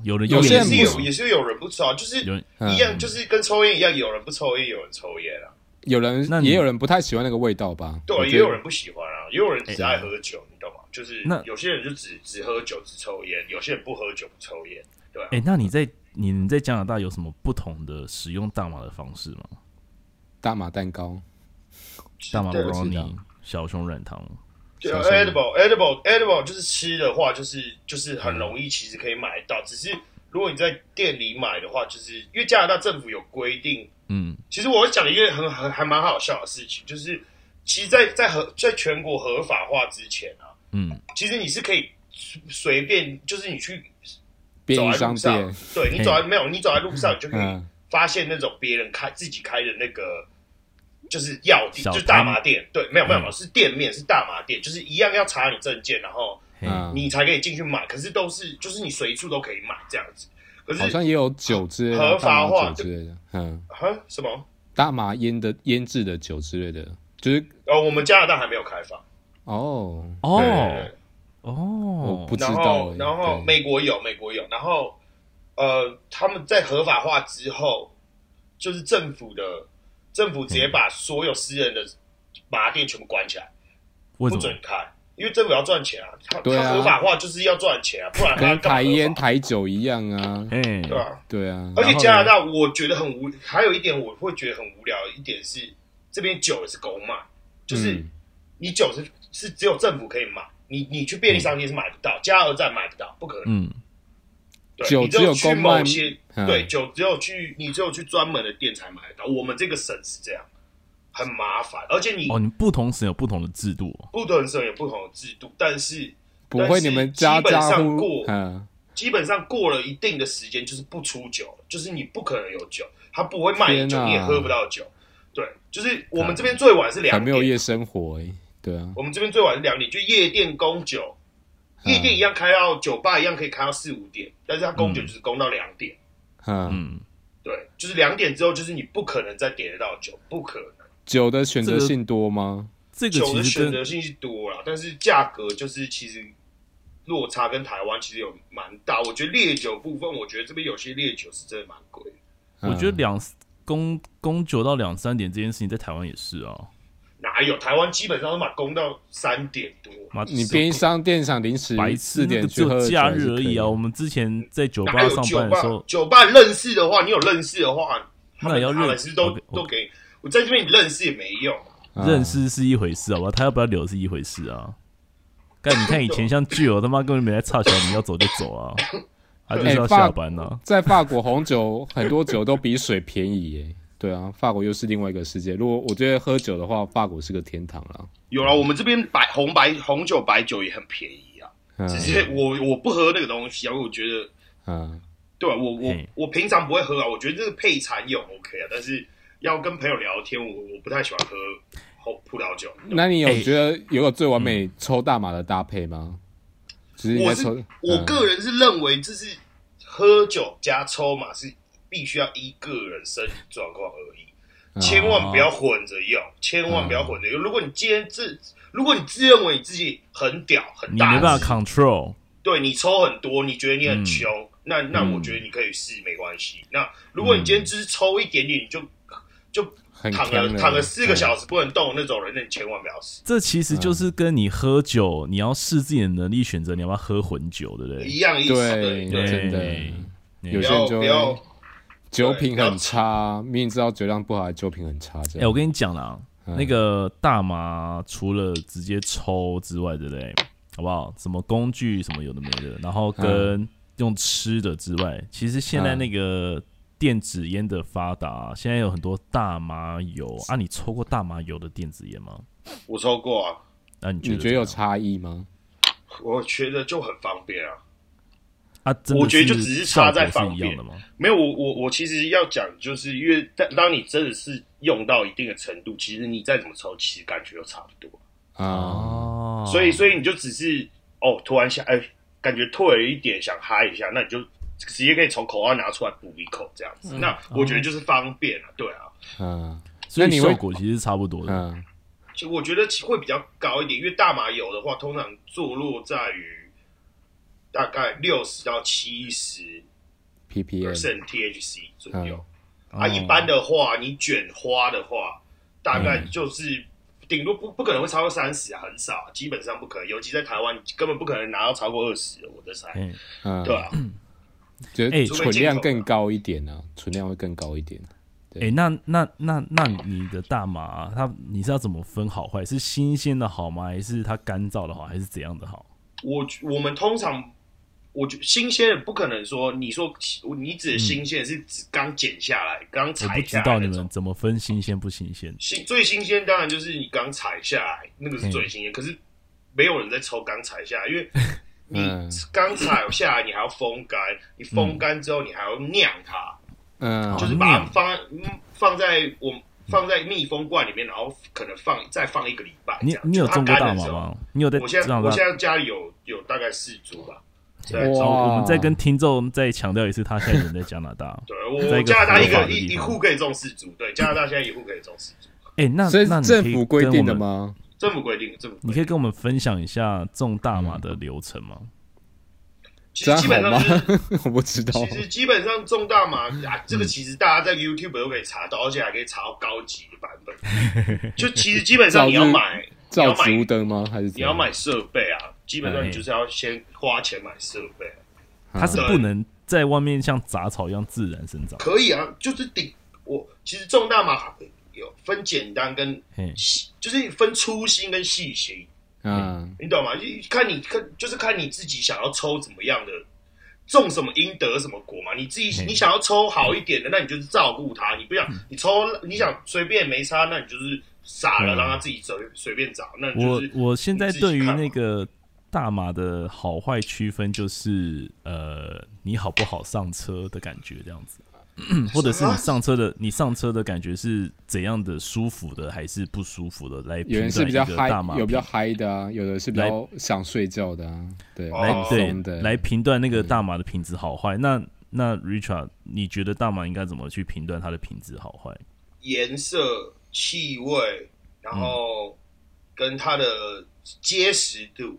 有人有些也是也是有人不抽，啊，就是有人一樣、嗯，就是跟抽菸一樣，有人不抽菸，有人抽菸啊。有人那也有人不太喜歡那個味道吧？對，也有人不喜歡啊，也有人只愛喝酒，欸、你懂嗎？就是那有些人就只只喝酒、只抽菸，有些人不喝酒、不抽菸，對哎、啊欸，那你在你在加拿大有什麼不同的使用大麻的方式嗎？大麻蛋糕、大麻布朗尼、Ronny、小熊軟糖。就 edible, edible, edible 就是吃的話，就是就是很容易，其實可以買到、嗯。只是如果你在店裡買的話，就是因為加拿大政府有規定，嗯，其實我講了一個很很還蠻好笑的事情，就是其實在，在在合在全國合法化之前啊，嗯，其實你是可以隨便，就是你去走在路上，對你走在沒有你走在路上，你就可以發現那種別人開、嗯、自己開的那個。就是藥店，就是大麻店，對，沒有沒有、嗯、是店面是大麻店，就是一樣要查你證件，然後你才可以進去買、嗯。可是都是，就是你隨處都可以買這樣子。可是好像也有酒之類的，合,合法化之類的，嗯，哈什麼大麻醃的醃制的酒之類的，就是、哦、我們加拿大還沒有開放哦對對對對哦哦，我不知道、欸。然後然後美國有美國有,美國有，然後呃，他們在合法化之後，就是政府的。政府直接把所有私人的麻店全部關起來，不准開，因為政府要賺錢啊。他他、啊、合法化就是要賺錢啊，不然跟台菸台酒一樣啊。哎、欸，對啊對啊。而且加拿大，我覺得很無。還有一點，我會覺得很無聊的一點是，這邊酒也是公賣，就是你酒是是只有政府可以買，你你去便利商店是買不到，嗯、加油站買不到，不可能。嗯對酒只有，公賣你只有去某些，嗯，對，酒只有去你只有去專門的店才買得到。我們這個省是這樣，很麻煩。而且你哦，你不同省有不同的制度，不同省有不同的制度。但是不會，你們家家基本上過，嗯，基本上過了一定的時間就是不出酒，就是你不可能有酒，他不會賣酒，啊，你也喝不到酒。對，就是我們這邊最晚是兩點，還沒有夜生活哎，欸，對啊，我們這邊最晚是兩點就夜店供酒。夜店一樣開到酒吧一樣可以開到四五點，但是他供酒就是供到兩點，嗯，對，就是兩點之後就是你不可能再點得到酒，不可能。酒的選擇性多嗎？這個、這個、其實酒的選擇性是多啦，但是價格就是其實落差跟台灣其實有蠻大。我覺得烈酒部分，我覺得這邊有些烈酒是真的蠻貴。我覺得兩供供酒到兩三點這件事情在台灣也是哦、啊。哪有？台灣基本上都把工到三點多。你邊上電廠臨時白次點，就假日而已啊。我們之前在酒吧上班的時候酒，酒吧認識的話，你有認識的話，來那你要認識都 OK, 都給。我,我在這邊你認識也沒用、啊，認識是一回事啊，我他要不要留是一回事啊。但你看以前像巨友，他媽根本沒在差錢，你要走就走啊，他就是要下班啊。欸、法 [LAUGHS] 在法國紅酒 [LAUGHS] 很多酒都比水便宜耶。對啊，法國又是另外一個世界。如果我覺得喝酒的話，法國是個天堂啦。有啊，我們這邊白紅白紅酒白酒也很便宜啊。嗯、只是我我不喝那個東西啊，我覺得，嗯，對啊我、嗯、我我平常不會喝啊，我覺得這個配餐也 OK 啊，但是要跟朋友聊天，我我不太喜歡喝葡萄酒。那你有覺得有個最完美抽大麻的搭配嗎？只、嗯就是我是、嗯、我個人是認為這是喝酒加抽麻是。必須要依個人身體狀況而已，千萬不要混着用，oh, 千萬不要混着用、嗯。如果你今天自，如果你自認為你自己很屌、很大氣，你沒辦法 control，對，你抽很多，你覺得你很窮、嗯，那那我覺得你可以試，沒關係、嗯。那如果你今天只是抽一點點，你就就躺了躺了四個小時不能動那種人、嗯，那你千萬不要試。這其實就是跟你喝酒，嗯、你要試自己的能力選擇，你要不要喝混酒，對不對？一樣意思，對，對對真的。就不要不要酒品很差，明明知道酒量不好，還酒品很差。哎、欸，我跟你講啦、嗯，那個大麻除了直接抽之外對不對？好不好？什麼工具，什麼有的沒的，然後跟用吃的之外，嗯、其實現在那個電子菸的發達、啊嗯，現在有很多大麻油啊。你抽過大麻油的電子菸嗎？我抽過啊。那、啊你，啊、你覺得有差異嗎？我覺得就很方便啊。啊、我覺得就只是差在方便嗎？沒有，我我我其實要講，就是因為當當你真的是用到一定的程度，其實你再怎麼抽，其實感覺都差不多啊、哦嗯。所以所以你就只是哦，突然想哎、欸，感覺退了一點，想嗨一下，那你就直接可以從口袋拿出來補一口這樣子、嗯。那我覺得就是方便了、啊嗯，對啊，嗯，所以你，效果、嗯、其實差不多的、嗯。就我覺得會比較高一點，因為大麻油的話，通常坐落在於，大概六十到七十，ppm，甚 t h c 左右啊啊。啊，一般的話、啊，你卷花的話，大概就是頂多不、嗯、不可能會超過三十，很少，基本上不可能。尤其在台灣，根本不可能拿到超過二十。我的猜，嗯、欸啊，對啊，嗯，覺得，哎、存、欸、量更高一點呢、啊，存量會更高一點。哎、欸,那那那那你的大麻，它，你是要怎麼分好壞？是新鮮的好嗎？還是它乾燥的好？還是怎樣的好？我我們通常。我覺得新鮮的不可能說，你說你指的新鮮是指剛剪下來剛採、嗯、下，我不知道你們怎麼分新鮮不新鮮。新最新鮮當然就是你剛採下來那個是最新鮮、嗯，可是沒有人在抽剛採下來，因為你剛採下來你還要風乾、嗯，你風乾之後你還要釀它，嗯，就是把它放放在我放在密封罐裡面，然後可能放再放一個禮拜。你你有中乾的嗎？你有在我現在我現在家裡有有大概四株吧。對，我們再跟聽眾再強調一次，他現在人在加拿大。 [LAUGHS] 對，我在法法，加拿大一個一一戶可以種四株。對，加拿大現在一戶可以種四株。哎、 [LAUGHS] 欸，那所以那政府規定的嗎？政府規定的，你可以跟我們分享一下種大麻的流程嗎？嗯、其實基本上， [LAUGHS] 我不知道。其實基本上種大麻、啊、這個其實大家在 YouTube 都可以查到，而且還可以查到高級的版本。 [LAUGHS] 就其實基本上你要買，照這個、要買燈嗎？還是怎你要買設備啊？基本上你就是要先花錢買設備、啊，它是不能在外面像雜草一樣自然生長。可以啊，就是頂我其實種大麻有分簡單跟細，就是分粗心跟細心。嗯，你懂嗎？就看你看，就是看你自己想要抽怎麼樣的，種什麼因得什麼果嘛。你自己你想要抽好一點的，那你就是照顧它，你不想，你抽，你想隨便沒差，那你就是傻了，讓它自己隨隨、嗯、便長。那你就是我你我現在對於那個。大麻的好壞區分就是，呃，你好不好上車的感覺這樣子， [COUGHS] 或者是你上車的，你上車的感覺是怎樣的舒服的，還是不舒服的來判斷一個大麻？有人是比較 high, 有比較嗨的啊，有的是比較想睡覺的啊，對，對，對，oh. 對來對來評斷那個大麻的品質好壞。那那 Richard，你覺得大麻應該怎麼去評斷它的品質好壞？顏色、氣味，然後跟它的結實度。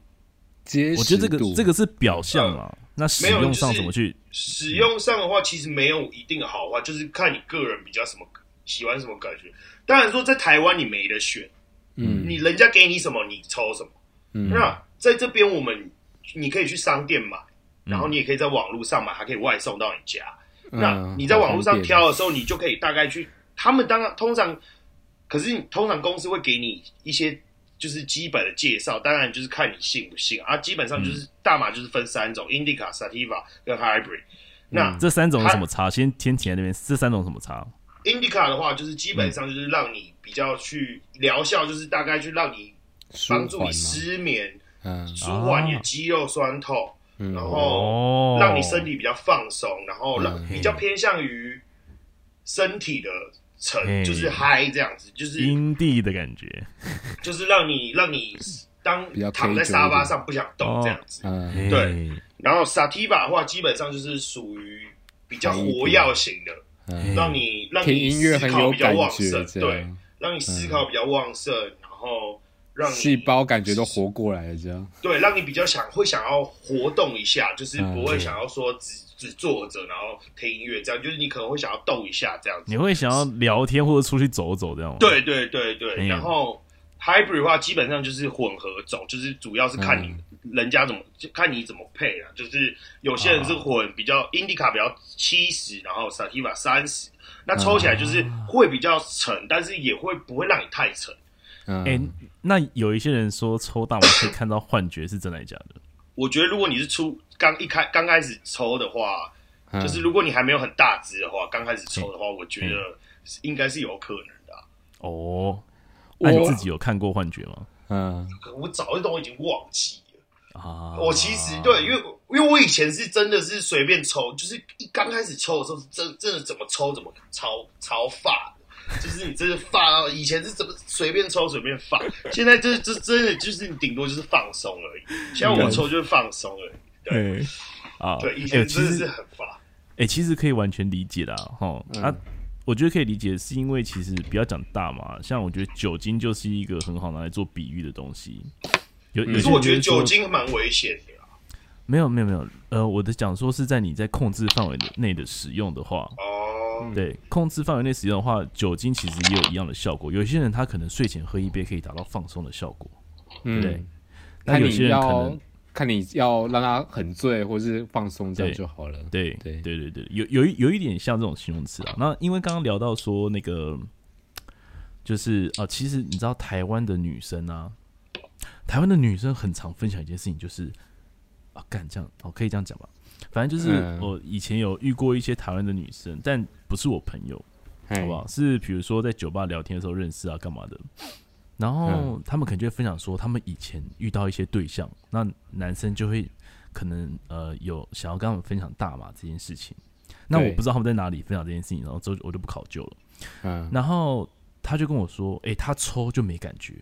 接，我覺得這個這個是表象啊、嗯，那使用上怎麼去？就是，使用上的話，其實沒有一定好的好壞，嗯，就是看你個人比較什麼喜歡什麼感覺。當然說在台灣你沒得選，嗯，你人家給你什麼你抽什麼，嗯。那在這邊我們你可以去商店買，嗯，然後你也可以在網絡上買，還可以外送到你家。嗯，那你在網絡上挑的時候，你就可以大概去他們當通常，可是你通常公司會給你一些。就是基本的介紹，當然就是看你信不信啊。基本上就是大麻就是分三種、嗯、：Indica、Sativa 跟 Hybrid、嗯。那這三種是什麼差？啊、先先停在那邊，這三種是什麼差？Indica 的話，就是基本上就是讓你比較去療、嗯、效，就是大概去讓你幫助你失眠，舒緩,、嗯、舒緩你的肌肉酸痛、啊，然後讓你身體比較放鬆，嗯、然後讓、哦嗯、比較偏向於身體的。成， [NOISE] [NOISE] 就是嗨這樣子，就是陰地的感覺，就是讓你讓你當躺在沙發上不想動這樣子，-E. 對。然後沙 a t 的話，基本上就是屬於比較活藥型的，讓你讓你思考比較旺盛，對，讓你思考比較旺盛，嗯、然後。讓細胞感覺都活過來了，這樣對，讓你比較想會想要活動一下，就是不會想要說只只坐着，然後聽音樂這樣，就是你可能會想要動一下這樣子。你會想要聊天或者出去走走這樣嗎？對對對對，嗯、然後 hybrid 的話基本上就是混合走，就是主要是看你、嗯、人家怎麼就看你怎麼配啊，就是有些人是混比較 indica 比較七十，然後 sativa 三十，那抽起來就是會比較沉，啊，但是也會不會讓你太沉。哎、嗯欸，那有一些人說抽大麻可以看到幻覺，是真的還是假的？我覺得如果你是出剛一開剛開始抽的話、嗯，就是如果你還沒有很大支的話，剛開始抽的話，欸、我覺得應該是有可能的、啊欸欸。哦，那你自己有看過幻覺嗎？嗯，我早就都已經忘記了啊。我其實，對，因為因為我以前是真的是隨便抽，就是一剛開始抽的時候，真真的怎麼抽怎麼超超發，就是你這是發，以前是怎麼隨便抽隨便放，現在這這真的就是你頂多就是放鬆而已。像我抽就是放鬆而已。對，啊，對，哎、以前，哎真的哎，其實是很發。哎，其實可以完全理解啦，哈，嗯啊。我覺得可以理解，是因為其實不要講大麻，像我覺得酒精就是一個很好拿來做比喻的東西。有，可、嗯，是我覺得酒精蠻危險的。沒有，沒有，沒有。呃，我的講說是在你在控制範圍內的使用的話。哦，啊。對，控制範圍內使用的話，酒精其實也有一樣的效果。有些人他可能睡前喝一杯可以達到放鬆的效果，嗯、對，那有些人可能看你，看你要讓他很醉或是放鬆，這樣就好了。對對，對對對，有有一有一點像這種形容詞啊、嗯。那因為剛剛聊到說那個，就是啊，其實你知道台灣的女生啊，台灣的女生很常分享一件事情，就是啊，幹這樣，哦、啊，可以這樣講吧。反正就是我以前有遇過一些台灣的女生，但不是我朋友，好不好？是比如說在酒吧聊天的時候認識啊，幹嘛的？然後他們可能就會分享說，他們以前遇到一些對象，那男生就會可能呃有想要跟他們分享大麻這件事情。那我不知道他們在哪裡分享這件事情，然後之後我就不考究了。嗯，然後他就跟我說：“誒，他抽就沒感覺。”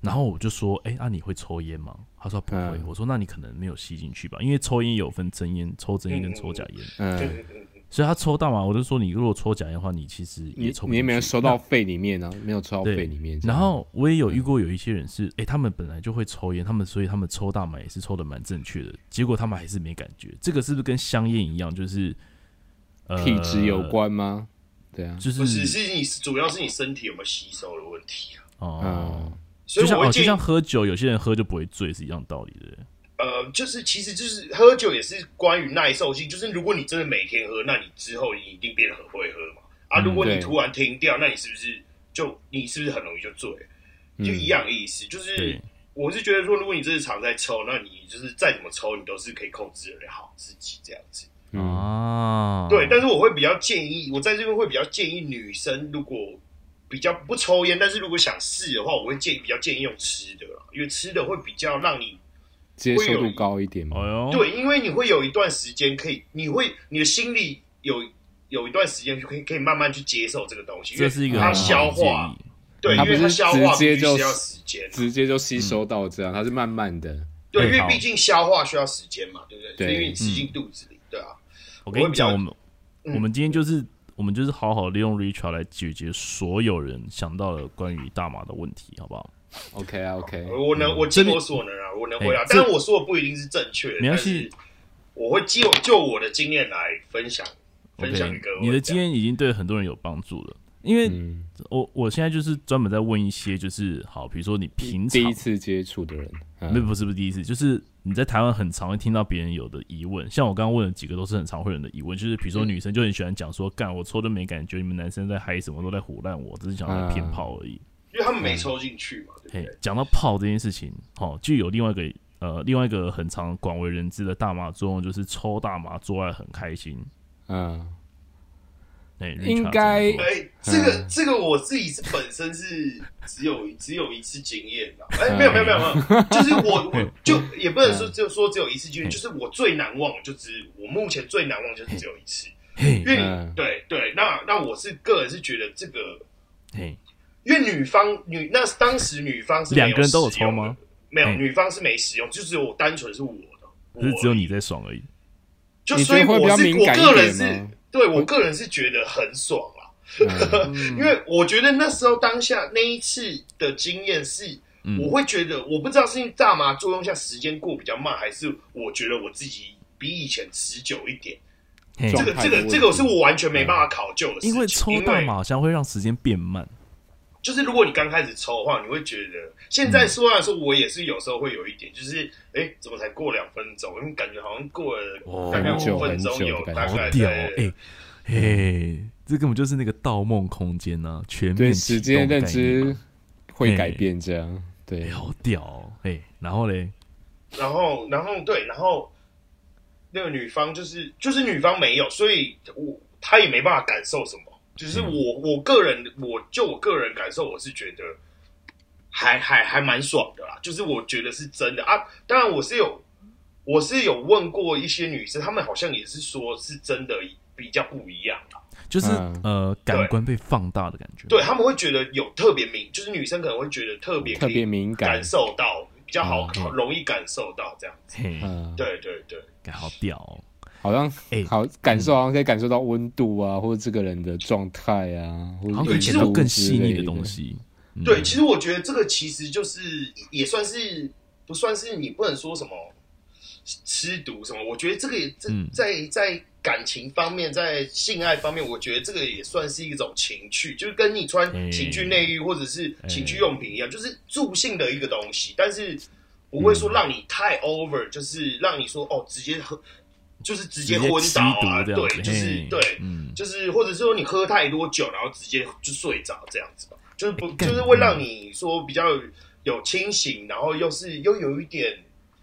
然後我就說，哎、欸，那、啊、你會抽煙嗎？他說、啊、不會。嗯、我說，那你可能沒有吸進去吧，因為抽煙有分真煙、抽真煙跟抽假煙嗯。嗯，所以他抽大麻，我就說，你如果抽假煙的話，你其實也抽，你，你也沒有收到肺裡面啊，沒有抽到肺裡面。然後我也有遇過有一些人是，哎、欸，他們本來就會抽煙，他們所以他們抽大麻也是抽的蠻正確的，結果他們還是沒感覺。這個是不是跟香煙一樣，就是、呃、體質有關嗎？對啊，就是不是，是你主要是你身體有沒有吸收的問題啊？哦。哦所以我會，我就、哦、就像喝酒，有些人喝就不會醉，是一樣道理的。呃，就是其實就是喝酒也是關於耐受性，就是如果你真的每天喝，那你之後你一定變得很會喝嘛。啊，如果你突然停掉，嗯、那你是不是就你是不是很容易就醉？就一樣的意思，嗯、就是我是覺得說，如果你真的常在抽，那你就是再怎麼抽，你都是可以控制得好自己這樣子。哦、嗯啊，對，但是我會比較建議，我在這邊會比較建議女生如果。比較不抽煙，但是如果想試的話，我會建議比較建議用吃的啦，因為吃的會比較讓你接受度高一點嘛。對，因為你會有一段時間可以，你會你的心裡有有一段時間就可以可以慢慢去接受這個東西，這是一個，它消化，對，因為它消化，嗯消化啊、直接就需要時間。直接就吸收到這樣，嗯、它是慢慢的。對，因為畢竟消化需要時間嘛，對不對？對，所以因為你吃進肚子裡、嗯，對啊。我跟你講，我們、嗯、我們今天就是。我們就是好好利用 Richard 來解決所有人想到的關於大麻的問題，好不好？OK，OK，okay, okay, 我能，嗯、我盡我所能啊，我能會啊，但是我說的不一定是正確，沒關係，我會就就我的經驗來分享，okay, 分享給的你的經驗已經對很多人有幫助了。因為、嗯、我我現在就是專門在問一些，就是好，比如說你平常第一次接觸的人，那、嗯、不是不是第一次，就是你在台灣很常會聽到別人有的疑問，像我剛剛問了幾個都是很常會有人的疑問，就是比如說女生就很喜歡講說，幹、嗯、我抽都沒感覺，你們男生在嗨什麼都在唬爛，我只是講要騙炮而已，因為他們沒抽進去嘛，對、嗯、講到炮這件事情，好、哦、就有另外一個呃另外一個很常廣為人知的大麻作用，就是抽大麻做愛很開心，嗯。Hey, Richard, 應該哎，這個這個我自己是本身是只有、嗯、只有一次經驗的哎，沒有沒有沒有沒有，沒有沒有 [LAUGHS] 就是我我就也不能說、嗯、就說只有一次經驗、嗯，就是我最難忘就是我目前最難忘就是只有一次，嘿嘿，因為、嗯、對對，那那我是個人是覺得這個，嘿，因為女方女那當時女方是兩個人都有抽嗎？沒有，女方是沒使用，就只有我單純是我的，只是只有你在爽而已，就所以我是我個人是。對，我個人是覺得很爽啦、啊嗯，因為我覺得那時候當下那一次的經驗是、嗯，我會覺得我不知道是因為大麻作用下時間過比較慢，還是我覺得我自己比以前持久一點。這個這個這個是我完全沒辦法考究的。因為抽大麻好像會讓時間變慢。就是如果你剛開始抽的話，你會覺得現在說來說我也是有時候會有一點，就是哎、嗯欸，怎麼才過兩分鐘？因為感覺好像過了大概五分鐘有大概，大、嗯、好屌哎、哦、嘿、欸欸，這根本就是那個盜夢空間啊，全面、啊、時間認知會改變這樣、欸、對、欸，好屌哎、哦欸，然後嘞，然後然後對，然後那個女方就是就是女方沒有，所以我她也沒辦法感受什麼。只、就是我、嗯、我個人，我就我個人感受，我是覺得還還還蠻爽的啦。就是我覺得是真的啊。當然我是有，我是有問過一些女生，她們好像也是說，是真的比較不一樣。就是呃，感官被放大的感覺，對她們會覺得有特別敏，就是女生可能會覺得特別特別敏感，感受到比較好，嗯、好容易感受到這樣子。嗯，對對對，對，感好屌、哦。好像，欸、好感受好像可以感受到溫度啊，嗯、或者這個人的狀態啊，好或者其實更細膩的東西。對、嗯，其實我覺得這個其實就是也算是，不算是，你不能說什麼吃毒什麼。我覺得這個也這、嗯、在在感情方面，在性愛方面，我覺得這個也算是一種情趣，就是跟你穿情趣內衣或者是情趣用品一樣、嗯，就是助性的一個東西，但是不會說讓你太 over、嗯、就是讓你說哦直接喝。就是直接昏倒啊，對，就是對、嗯，就是或者是說你喝太多酒，然後直接就睡着這樣子吧，就是不、欸，就是會讓你說比較有清醒，然後又是又有一點。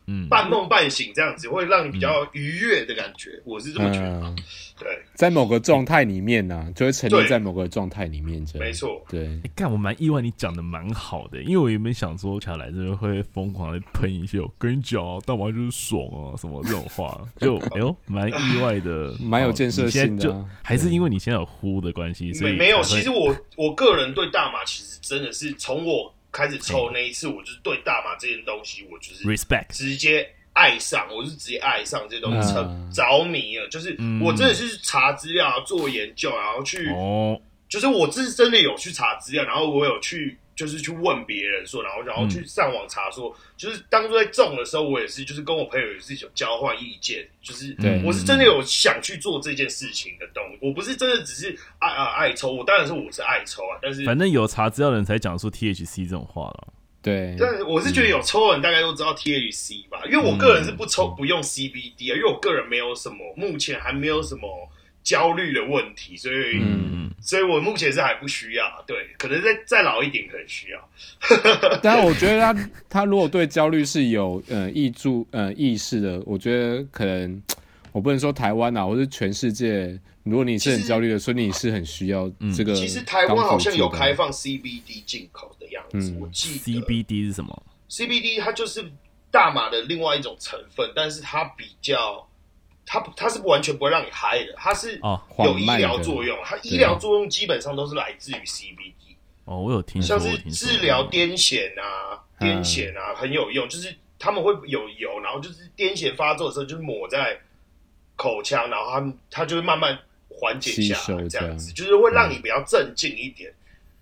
嗯、半夢半醒這樣子會讓你比較愉悅的感覺、嗯，我是這麼覺得、嗯。對，在某個狀態裡面呢、啊，就會沉溺在某個狀態裡面。沒錯，對。哎，幹、欸，我蠻意外，你講的蠻好的，因為我原本想說，我來這邊會瘋狂的、啊、噴一些，我跟你講啊，大麻就是爽啊什麼這種話， [LAUGHS] 就哎呦，蠻意外的，蠻 [LAUGHS] 有建設性的、啊哦。還是因為你現在有呼的關係，沒沒有？其實我我個人對大麻其實真的是從我。開始抽那一次，我就是對大麻這件東西，我就是 respect，直接愛上，我是直接愛上這東西，着迷了。Uh, 就是我真的是查資料，然後做研究，然後去，oh. 就是我這是真的有去查資料，然後我有去。就是去問別人說，然後然後去上網查說，嗯、就是當初在種的時候，我也是，就是跟我朋友也是有交換意見，就是我是真的有想去做這件事情的東西，嗯嗯嗯，我不是真的只是愛愛、呃、愛抽，我當然說我是愛抽啊，但是反正有查資料的人才講出 THC 這種話了，對，但是我是覺得有抽的人大概都知道 THC 吧、嗯，因為我個人是不抽不用 CBD 啊，因為我個人沒有什麼，目前還沒有什麼。焦慮的問題，所以、嗯，所以我目前是還不需要，對，可能再再老一點可能需要。但是我覺得他 [LAUGHS] 他如果對焦慮是有呃意注呃意識的，我覺得可能我不能說台灣吶，我是全世界，如果你是很焦慮的，所以你是很需要這個。嗯、其實台灣好像有開放 CBD 進口的樣子，嗯、我記得 CBD 是什麼？CBD 它就是大麻的另外一種成分，但是它比較。它它是不完全不會讓你嗨的，它是有醫療作用，哦、它醫療作用基本上都是來自於 CBD、啊。哦，我有聽說，像是治療癲癇啊，癲、嗯、癇啊很有用，就是他們會有油，然後就是癲癇發作的時候就抹在口腔，然後它它就會慢慢緩解下來，這樣子這樣就是會讓你比較鎮靜一點、嗯，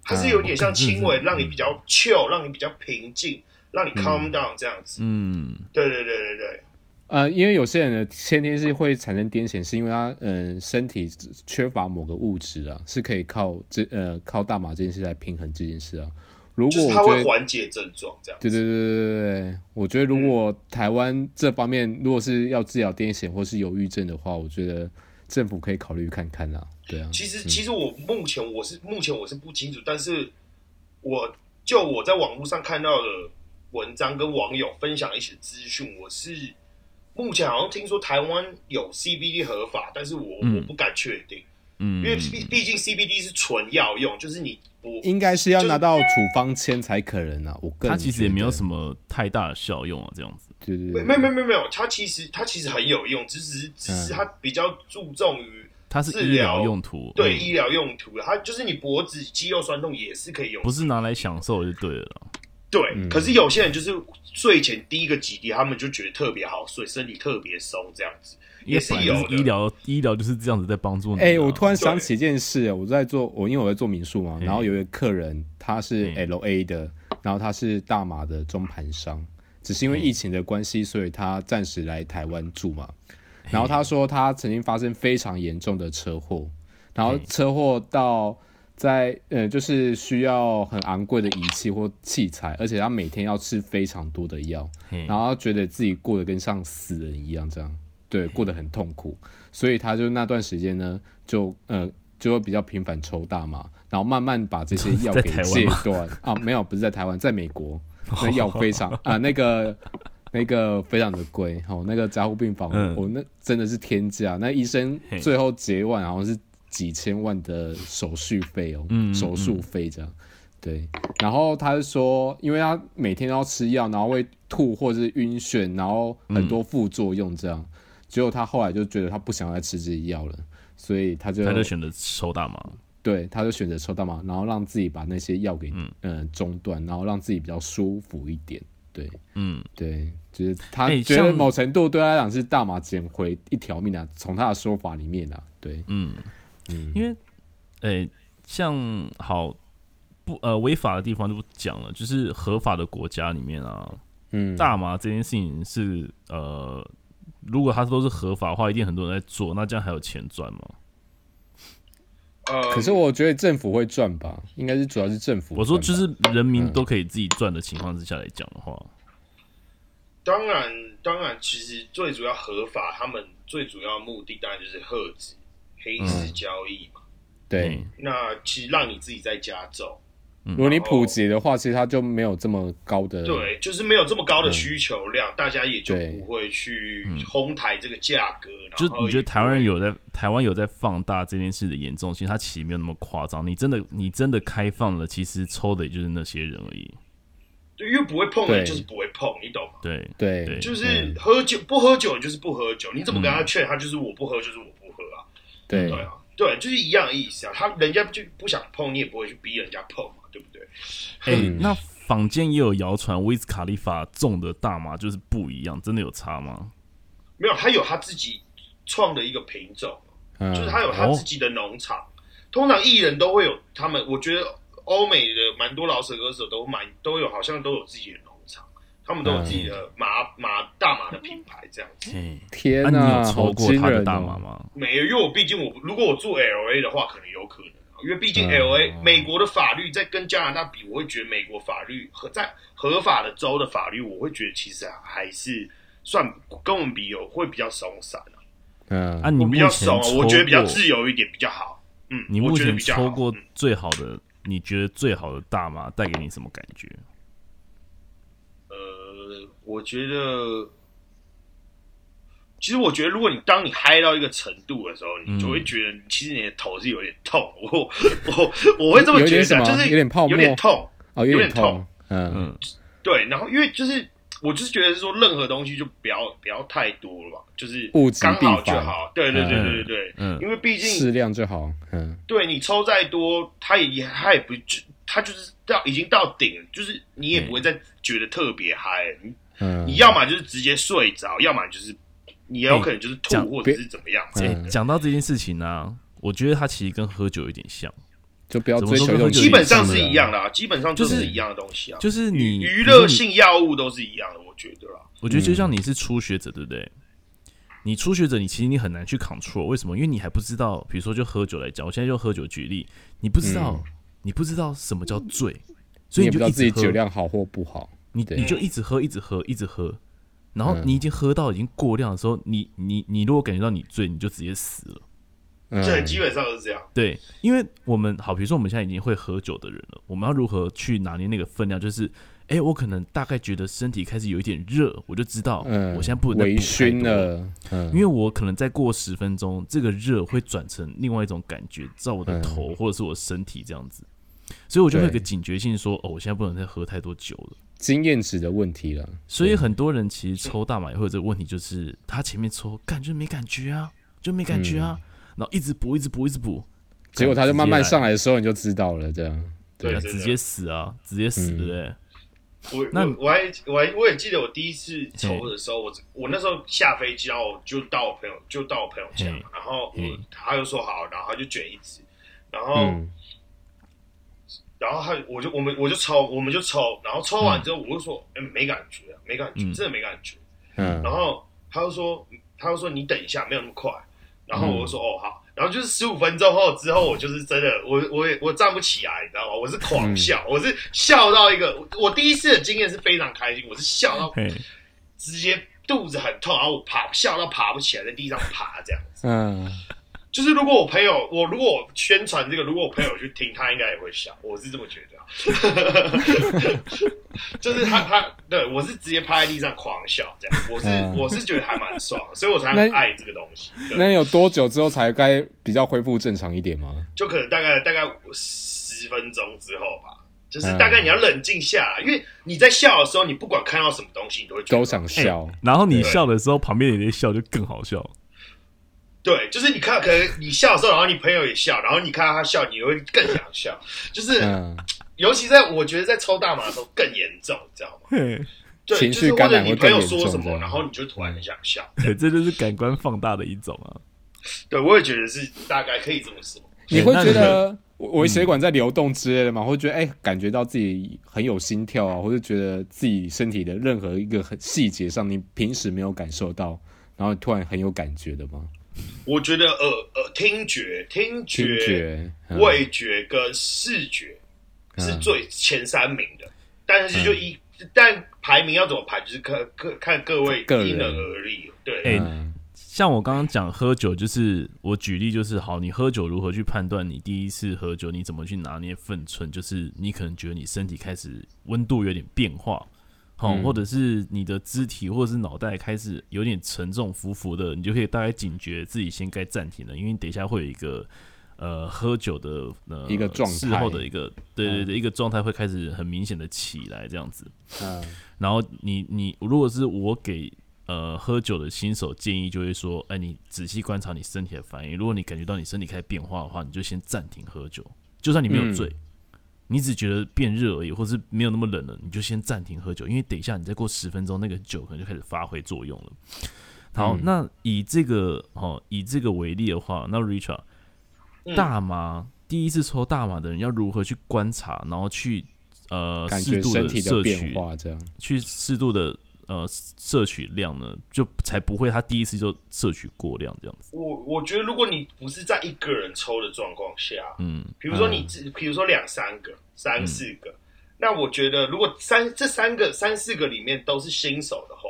它是有點像輕微讓你比較 chill，、嗯、讓你比較平靜，讓你 calm down 這樣子。嗯，嗯對對對對對。呃，因為有些人的先天是會產生癲癇，是因為他嗯、呃、身體缺乏某個物質啊，是可以靠這呃靠大麻這件事來平衡這件事啊。如果他、就是、會緩解症狀，這樣子。對對對對對，我覺得如果台灣這方面、嗯、如果是要治療癲癇或是憂鬱症的話，我覺得政府可以考慮看看啦、啊。對啊，其實其實我目前我是、嗯、目前我是不清楚，但是我就我在網絡上看到的文章跟網友分享一些資訊，我是。目前好像聽說台灣有 CBD 合法，但是我、嗯、我不敢確定，嗯，因為畢畢竟 CBD 是純藥用，就是你我應該是要拿到、就是、處方簽才可能啊。我個人覺得它其實也沒有什麼太大的效用啊，這樣子，對對對，沒有沒有沒有沒有，它其實它其實很有用，只是只是它、嗯、比較注重於它是醫療用途，對、嗯、醫療用途，它就是你脖子肌肉痠痛也是可以用，不是拿來享受就對了。對、嗯，可是有些人就是睡前滴一個幾滴，他們就覺得特別好睡，身體特別鬆，這樣子也是有的。是醫療醫療就是這樣子在幫助你。哎、欸，我突然想起一件事，我在做我因為我在做民宿嘛，然後有一個客人他是 L A 的、欸，然後他是大麻的中盤商，只是因為疫情的關係、欸，所以他暫時來台灣住嘛。然後他說他曾經發生非常嚴重的車禍，然後車禍到。在呃，就是需要很昂貴的儀器或器材，而且他每天要吃非常多的藥、嗯，然後他覺得自己過得跟像死人一樣這樣，對，嗯、過得很痛苦，所以他就那段時間呢，就呃，就會比較頻繁抽大麻，然後慢慢把這些藥給戒斷啊。沒有，不是在台灣，在美國， [LAUGHS] 那藥非常啊，那個那個非常的貴，好、哦，那個加護病房，我、嗯哦、那真的是天價，那醫生最後結完、嗯、然後是。幾千萬的手續費哦、喔嗯嗯嗯，手術費這樣，對。然後他就說，因為他每天都要吃藥，然後會吐或者是暈眩，然後很多副作用這樣。最、嗯、後他後來就覺得他不想要再吃這些藥了，所以他就他就選擇抽大麻。對，他就選擇抽大麻，然後讓自己把那些藥給嗯、呃、中斷，然後讓自己比較舒服一點。對，嗯，對，就是他覺得某程度對他來講是大麻撿回一條命啊。從、欸、他的說法裡面啊，對，嗯。因為，誒、嗯欸，像好不呃違法的地方就不講了，就是合法的國家裡面啊，嗯，大麻這件事情是呃，如果它都是合法的話，一定很多人在做，那這樣還有錢賺嗎？呃、嗯，可是我覺得政府會賺吧，應該是主要是政府。我說就是人民都可以自己賺的情況之下來講的話，嗯，當然，當然，其實最主要合法，他們最主要的目的當然就是遏止。黑市交易嘛，嗯、對、嗯，那其實讓你自己在家走。如果你普及的話，其實它就沒有這麼高的，對，就是沒有這麼高的需求量，嗯、大家也就不會去哄抬這個價格。然後就是我覺得台灣人有在台灣有在放大這件事的嚴重性，它其實沒有那麼誇張。你真的你真的開放了，其實抽的也就是那些人而已。對，因為不會碰的就是不會碰，你懂嗎？對對，就是喝酒、嗯、不喝酒就是不喝酒，你怎麼跟他勸、嗯、他就是我不喝就是我不喝啊。對，對啊，對啊，就是一樣的意思啊。他人家就不想碰，你也不會去逼人家碰嘛，對不對？嘿、欸，嗯，那坊間也有謠傳，威斯卡利法種的大麻就是不一樣，真的有差嗎？沒有，他有他自己創的一個品種，嗯、就是他有他自己的農場。哦、通常藝人都會有，他們我覺得歐美的蠻多饒舌歌手都蠻都有，好像都有自己的。他們都有自己的麻、麻大麻的品牌這樣子。天哪！啊、你有抽過他的大麻嗎？沒有，因為我畢竟我如果我做 L A 的話，可能有可能，因為畢竟 L A、嗯、美國的法律在跟加拿大比，我會覺得美國法律和在合法的州的法律，我會覺得其實啊還是算跟我們比有會比較鬆散、啊、嗯，啊你比較鬆，我覺得比較自由一點比較好。嗯，你目前抽過最好的、嗯，你覺得最好的大麻帶給你什麼感覺？我覺得，其實我覺得，如果你當你嗨到一個程度的時候，你就會覺得，其實你的頭是有點痛。我我我會這麼覺得，就、嗯、是有，有，有點痛，有點痛有點痛。嗯嗯，對。然後因為就是，我就是覺得說，任何東西就不要不要太多了嘛，就是剛好就好。對對對對對對、嗯嗯，因為畢竟適量就好。嗯，對你抽再多，他也他也不就他就是到已經到頂了，就是你也不會再覺得特別嗨。嗯、你要麼就是直接睡着，要麼就是你也有可能就是吐或者是怎麼樣。對、欸，講、欸、到這件事情呢、啊，我覺得它其實跟喝酒有點像，就不要追求怎麼說跟喝酒有點像的、啊。基本上是一樣的啊，基本上就是一樣的東西啊，就是你娛樂性藥物都是一樣的，我覺得啊、嗯，我覺得就像你是初學者，對不對？你初學者，你其實你很難去 control，為什麼？因為你還不知道，比如說就喝酒來講，我現在就喝酒舉例，你不知道，嗯、你不知道什麼叫醉，嗯、所以你就你不知道自己酒量好或不好。你你就一直喝，一直喝，一直喝，然後你已經喝到已經過量的時候，嗯、你你你如果感覺到你醉，你就直接死了。這基本上是這樣。對，因為我們好，比如說我們現在已經會喝酒的人了，我們要如何去拿捏那個分量？就是，哎、欸，我可能大概覺得身體開始有一點熱，我就知道、嗯、我現在不能再補太多、微醺了、嗯，因為我可能再過十分鐘，這個熱會轉成另外一種感覺，照我的頭或者是我身體這樣子，所以我就會有一個警覺性說，說哦，我現在不能再喝太多酒了。經驗值的問題了，所以很多人其實抽大麻以後，這個問題就是他前面抽感覺沒感覺啊，就沒感覺啊，嗯、然後一直補，一直補，一直補，結果他就慢慢上來的時候你就知道了，這樣對，對，對，對，對啊，直接死啊，直接死、嗯、對，對，對，對，我那我，我還我還我也記得我第一次抽的時候，我我那時候下飛機哦，就到我朋友就到我朋友家，然後嗯，他就說好，然後他就捲一支，然後。嗯然後他我，我就我們，我就抽，我們就抽，然後抽完之後，我就說，嗯、欸，沒感覺，沒感覺，真的沒感覺。嗯。然後他就說，他就說你等一下，沒有那麼快。然後我就說，嗯、哦好。然後就是十五分鐘後之後，我就是真的，我我我站不起來，你知道嗎？我是狂笑，嗯、我是笑到一個，我我第一次的經驗是非常開心，我是笑到直接肚子很痛，然後我爬，笑到爬不起來，在地上爬這樣子。嗯。就是如果我朋友，我如果宣傳這個，如果我朋友去聽，他應該也會笑。我是這麼覺得、啊， [LAUGHS] 就是他他對我是直接趴在地上狂笑這樣。我是我是覺得還蠻爽，所以我才愛這個東西那。那有多久之後才該比較恢復正常一點嗎？就可能大概大概五十分鐘之後吧。就是大概你要冷靜下來，因為你在笑的時候，你不管看到什麼東西，你都會覺得都想笑。欸、然後你笑的時候，旁邊的人笑就更好笑。對，就是你看，可能你笑的時候，然後你朋友也笑，然後你看到他笑，你會更想笑。就是，嗯、尤其在我覺得在抽大麻的時候更嚴重，你知道嗎？對，情緒感染會更嚴重、就是、你朋友說什麼，然後你就突然很想笑。嗯、對，這就是感官放大的一種啊。對，我也覺得是大概可以這麼說。你會覺得我血、嗯、管在流動之類的嗎？會覺得哎、欸，感覺到自己很有心跳啊？或者覺得自己身體的任何一個細節上，你平時沒有感受到，然後突然很有感覺的嗎？我覺得，呃呃，聽覺、聽覺、聽覺、嗯、味覺跟視覺是最前三名的，嗯、但是就一、嗯，但排名要怎麼排，就是看各看各位因人而異人對、嗯，欸，像我剛剛講喝酒，就是我舉例就是好，你喝酒如何去判斷？你第一次喝酒，你怎麼去拿捏分寸？就是你可能覺得你身體開始溫度有點變化。好、嗯，或者是你的肢體或者是腦袋開始有點沉重浮浮的，你就可以大概警覺自己先該暫停了，因為你等一下會有一個呃喝酒的呃一個狀態，事後的一個對對對、嗯、一個狀態會開始很明顯的起來這樣子。嗯、然後你你如果是我給呃喝酒的新手建議，就會說，哎、呃，你仔細觀察你身體的反應，如果你感覺到你身體開始變化的話，你就先暫停喝酒，就算你沒有醉。嗯你只覺得變熱而已，或是沒有那麼冷了，你就先暫停喝酒，因為等一下你再過十分鐘，那個酒可能就開始發揮作用了。好，嗯、那以這個哦，以這個為例的話，那 Richard 大麻、嗯、第一次抽大麻的人要如何去觀察，然後去呃適度的攝取，的變化這樣去適度的。呃，攝取量呢，就才不會他第一次就攝取過量這樣子。我我覺得，如果你不是在一個人抽的狀況下，嗯，比如說你只，嗯、比如說兩三個、三四個、嗯，那我覺得如果三這三個、三四個裡面都是新手的話，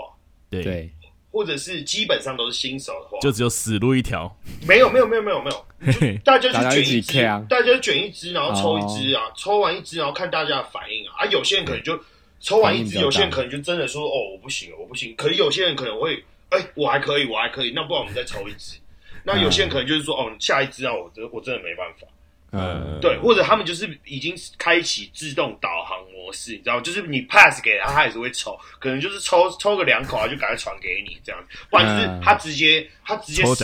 對，或者是基本上都是新手的話，就只有死路一條。沒有，沒有，沒有，沒有，沒有。 [LAUGHS] 就大家去捲一支啊， [LAUGHS] 大家捲一支，然後抽一支啊、哦，抽完一支然後看大家的反應啊，啊，有些人可能就。嗯抽完一支，有些人可能就真的說哦，我不行，我不行。可是有些人可能會，哎、欸，我還可以，我還可以。那不然我們再抽一支。那有些人可能就是說、嗯、哦，下一支啊，我真我真的沒辦法。嗯，對，或者他們就是已經開啟自動導航模式，你知道嗎？就是你 pass 給他，他還是會抽。可能就是抽抽個兩口啊，就趕快傳給你這樣子，不然就是他直接、嗯、他直接 s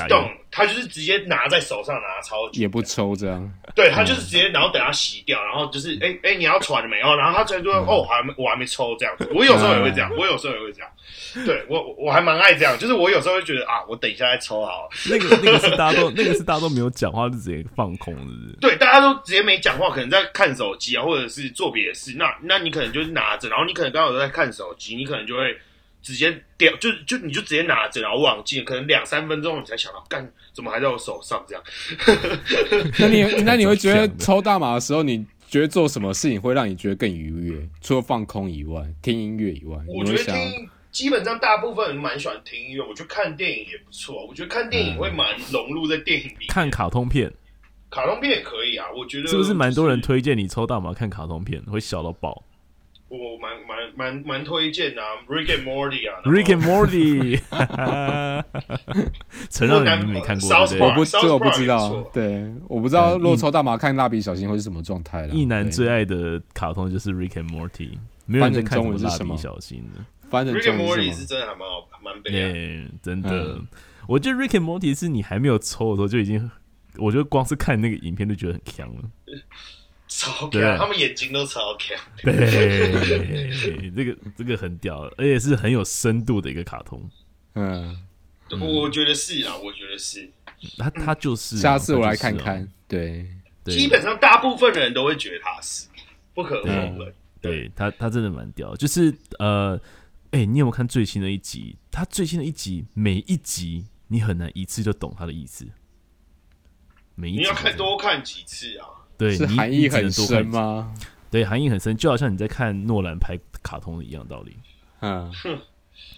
他就是直接拿在手上拿超級，也不抽這樣。對，他就是直接，然後等他洗掉，然後就是哎哎、嗯欸欸，你要喘了沒？有、喔？然後他就說哦，嗯喔、我還我還沒抽這樣、嗯。我有時候也會這樣，我有時候也會這樣。對，我我還蠻愛這樣，就是我有時候會覺得啊，我等一下再抽好了。那個那個是大家都 [LAUGHS] 那個是大家都沒有講話就直接放空的。對，大家都直接沒講話，可能在看手機啊，或者是做別的事。那那你可能就是拿着，然後你可能剛好在看手機，你可能就會。直接掉，就就你就直接拿着，然後忘記，可能兩三分鐘你才想到，幹，怎麼還在我手上這樣？ [LAUGHS] 那你那你會覺得抽大麻的時候，你覺得做什麼事情會讓你覺得更愉悅、嗯？除了放空以外，聽音樂以外，我覺得聽，基本上大部分人蠻喜歡聽音樂。我覺得看電影也不錯，我覺得看電影會蠻融入在電影裡。嗯、看卡通片，卡通片也可以啊。我覺得是不是蠻多人推薦你抽大麻，看卡通片？會小到爆。我蠻蠻蠻蠻推薦的、啊，Rick and Morty 啊。Rick and Morty，陳老師你們沒看過我對？Park, 我不這我不知道不、啊，對，我不知道。若抽大麻看蠟筆小新會是什麼狀態了？一男最愛的卡通就是 Rick and Morty，嗯、沒有看蠟筆人中文的蠟筆小新的。反正 Rick and Morty 是真的還蠻蠻悲，啊、yeah, 真的、嗯。我覺得 Rick and Morty 是你還沒有抽的時候就已經，我覺得光是看那個影片就覺得很強了。 [LAUGHS] 超強、啊，他們眼睛都超強、欸。對，對，對，對， [LAUGHS] 這個這個很屌，而且是很有深度的一個卡通。嗯，我覺得是啊，我覺得是。他他就是、啊，下次我來看看、啊對。對，基本上大部分人都會覺得他是不可能對、啊、對，對他，他真的蠻屌。就是呃，哎、欸，你有沒有看最新的一集？他最新的一集，每一集你很難一次就懂他的意思。每一集就你要看多看幾次啊。對，含義很深嗎？對，含義很深，就好像你在看諾蘭拍卡通一樣的道理。嗯，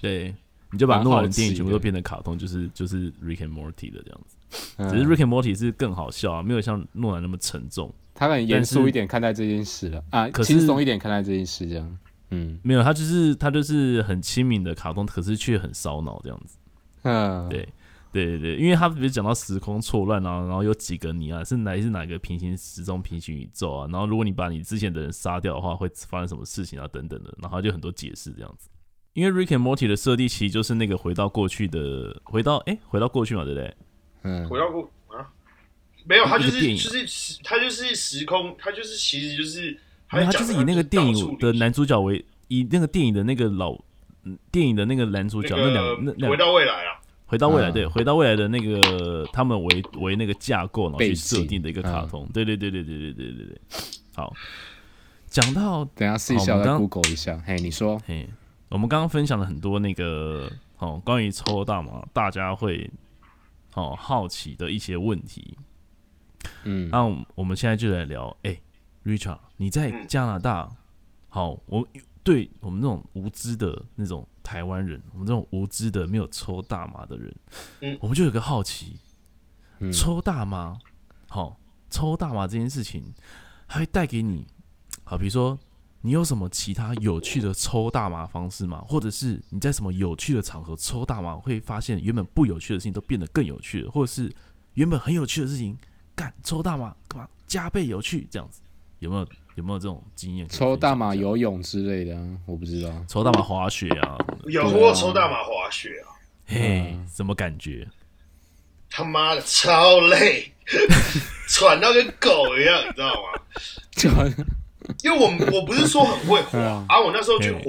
對，你就把諾蘭的電影全部都變成卡通，就是、嗯、就是 Rick and Morty 的這樣子。只是 Rick and Morty 是更好笑啊，沒有像諾蘭那麼沉重。他很嚴肅一點看待這件事了啊，可輕鬆一點看待這件事這樣。嗯，沒有，他就是他就是很親民的卡通，可是卻很燒腦這樣子。嗯，對。對對對，因為他比如講到時空錯亂，啊，然後然後有幾個你啊，是哪是哪個平行時鐘、平行宇宙啊？然後如果你把你之前的人殺掉的話，會發生什麼事情啊？等等的，然後他就很多解釋這樣子。因為《Rick and Morty》的設定其實就是那個回到過去的，回到，哎，回到過去嘛，對不對？嗯，回到過啊？沒有，嗯、他就是、那個、就是他就是時空，他就是其實就是他，、嗯、他就是以那個電影的男主角為以那個電影的那個老、嗯、電影的那個男主角、那個、那兩個那兩個回到未來啊。回到未來、嗯，對，回到未來的那個他們為為那個架構然後去設定的一個卡通、嗯，對對對對對對對對好，講到等下試一下,一下我們剛剛 Google 一下，嘿，你說，嘿，我們剛剛分享了很多那個哦，關於抽大麻大家會哦好奇的一些問題，嗯，那、啊、我們現在就來聊，哎、欸、，Richard，你在加拿大，嗯、好，我對我們那種無知的那種。台灣人，我們這種無知的、沒有抽大麻的人，我們就有個好奇，嗯，抽大麻，好，抽大麻這件事情，它會帶給你，好，比如說你有什麼其他有趣的抽大麻方式嗎？或者是你在什麼有趣的場合抽大麻，會發現原本不有趣的事情都變得更有趣了，或者是原本很有趣的事情，幹抽大麻幹嘛，加倍有趣這樣子，有沒有？有沒有這種經驗？抽大麻游泳之類的，啊，我不知道。抽大麻滑雪啊，有啊抽大麻滑雪啊。嘿，hey, 嗯，什麼感覺？他媽的，超累， [LAUGHS] 喘到跟狗一樣， [LAUGHS] 你知道嗎？就好像，因為我我不是說很會滑 [LAUGHS] 啊，啊，我那時候去滑，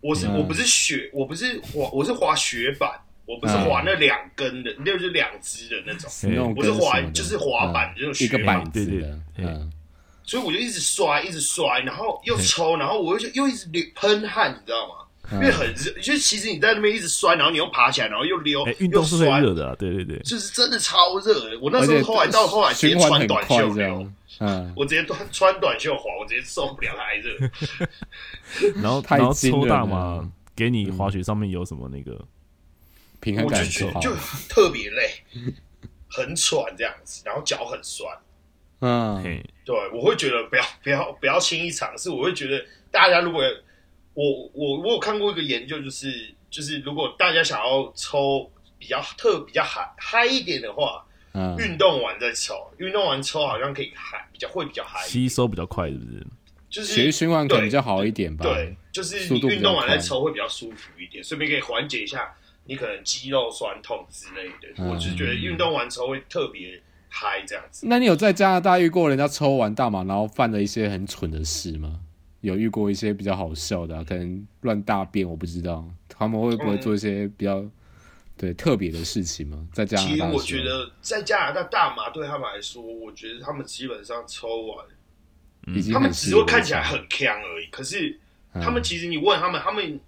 我是我不是雪，我不是滑，我是滑雪板，嗯，我不是滑那兩根的，嗯，就是兩隻的那種的，我是滑，就是滑板，嗯，就是一個板子的，對對對嗯。所以我就一直摔，一直摔，然後又抽，然後我又又一直流噴汗，你知道嗎？嗯、因為很熱，就其實你在那邊一直摔，然後你又爬起來，然後又溜，欸，運動是不是很熱的啊？又是會熱的，對對對，對，就是真的超熱。我那時候後來到後來直接穿短袖這樣，嗯，我直接穿穿短袖滑，我直接受不了太熱。 [LAUGHS] [LAUGHS] 然後然後抽大麻，給你滑雪上面有什麼那個平衡感覺就，就特別累， [LAUGHS] 很喘這樣子，然後腳很酸。嗯，對，我會覺得不要不要不要輕易嘗試，我會覺得大家如果我我我有看過一個研究，就是就是如果大家想要抽比較特、比較嗨嗨一點的話，嗯，運動完再抽，運動完抽好像可以嗨，比較會比較嗨，吸收比較快，是不是？就是血液循環可能比較好一點吧。對，對，就是你運動完再抽會比較舒服一點，順便可以緩解一下你可能肌肉酸痛之類的。嗯、我就是覺得運動完抽會特別。嗨，這樣子。那你有在加拿大遇過人家抽完大麻然後犯了一些很蠢的事嗎？有遇過一些比較好笑的？啊，可能亂大便，我不知道他們會不會做一些比較，嗯、對特別的事情嗎？在加拿大，其實我覺得在加拿大大麻對他們來說，我覺得他們基本上抽完，嗯、他們只會看起來很鏘而已。可是他們其實你問他們，嗯，他們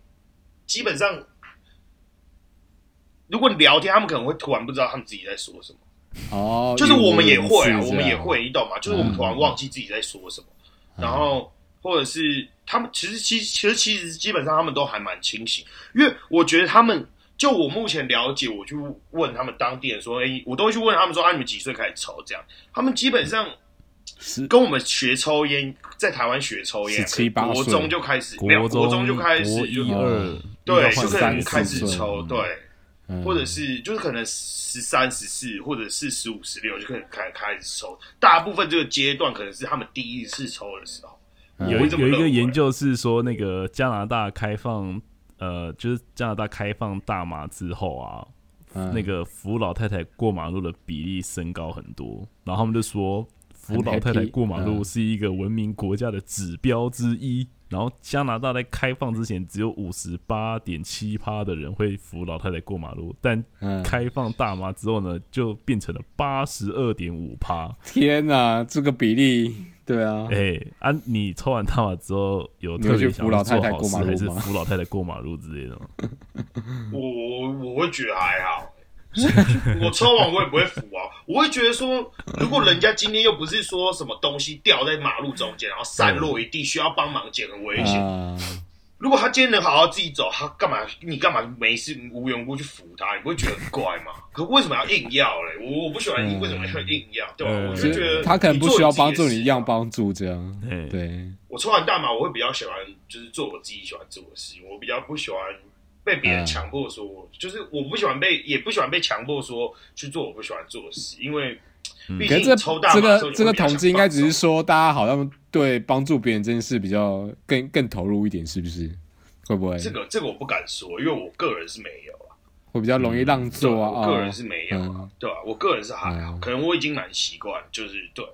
基本上，如果你聊天，他們可能會突然不知道他們自己在說什麼。哦、oh，，就是我們也會啊，嗯、我們也會是是、啊，你懂嗎？就是我們突然忘記自己在說什麼，嗯、然後或者是他們其實其其實其實基本上他們都還蠻清醒，因為我覺得他們就我目前了解，我去問他們當地人說：“哎、欸，我都會去問他們說，啊，你們幾歲開始抽？這樣？”他們基本上跟我們學抽菸，在台灣學抽菸、啊，國中就開始，沒有，國中就開始，就，二、哦，對，就開始開始抽，對。或者是、嗯、就是可能十三、十四，或者是十五、十六，就可以開開始抽。大部分這個階段可能是他們第一次抽的時候。有、嗯、有一個研究是說，那個加拿大開放，呃，就是加拿大開放大麻之後啊，嗯、那個扶老太太過馬路的比例升高很多。然後他們就說，扶老太太過馬路是一個文明國家的指標之一。嗯嗯然後加拿大在開放之前，只有五十八點七趴的人會扶老太太過馬路，但開放大麻之後呢，就變成了八十二點五趴。天啊，這個比例，對啊，哎、欸，啊，你抽完大麻之後有特別想扶老太太過馬路嗎？還是扶老太太過馬路之類的嗎？ [LAUGHS] 我？我我會覺得還好。 [LAUGHS] [LAUGHS] 我抽完我也不會扶啊，我會覺得說，如果人家今天又不是說什麼東西掉在馬路中間，然後散落一地、嗯、需要幫忙撿個危險、呃。如果他今天能好好自己走，他幹嘛？你幹嘛沒事無緣無故去扶他？你不會覺得很怪嗎？可為什麼要硬要嘞？我我不喜歡你為什麼要硬要？嗯、對吧、啊嗯？我就覺得他可能不需要幫助，你一樣幫助這樣。對、嗯嗯嗯。我抽完大麻，我會比較喜歡就是做我自己喜歡做的事情，我比較不喜歡。被別人強迫說、嗯，就是我不喜歡被，也不喜歡被強迫說去做我不喜歡做的事、嗯，因為。可是這個這個統計、這個、應該只是說，大家好像對幫助別人這件事比較更更，更投入一點，是不是？會不會？這個這個我不敢說，因為我個人是沒有啊，我比較容易讓座啊，嗯哦、我個人是沒有、啊嗯，對吧、啊？我個人是還好，可能我已經蠻習慣，就是對，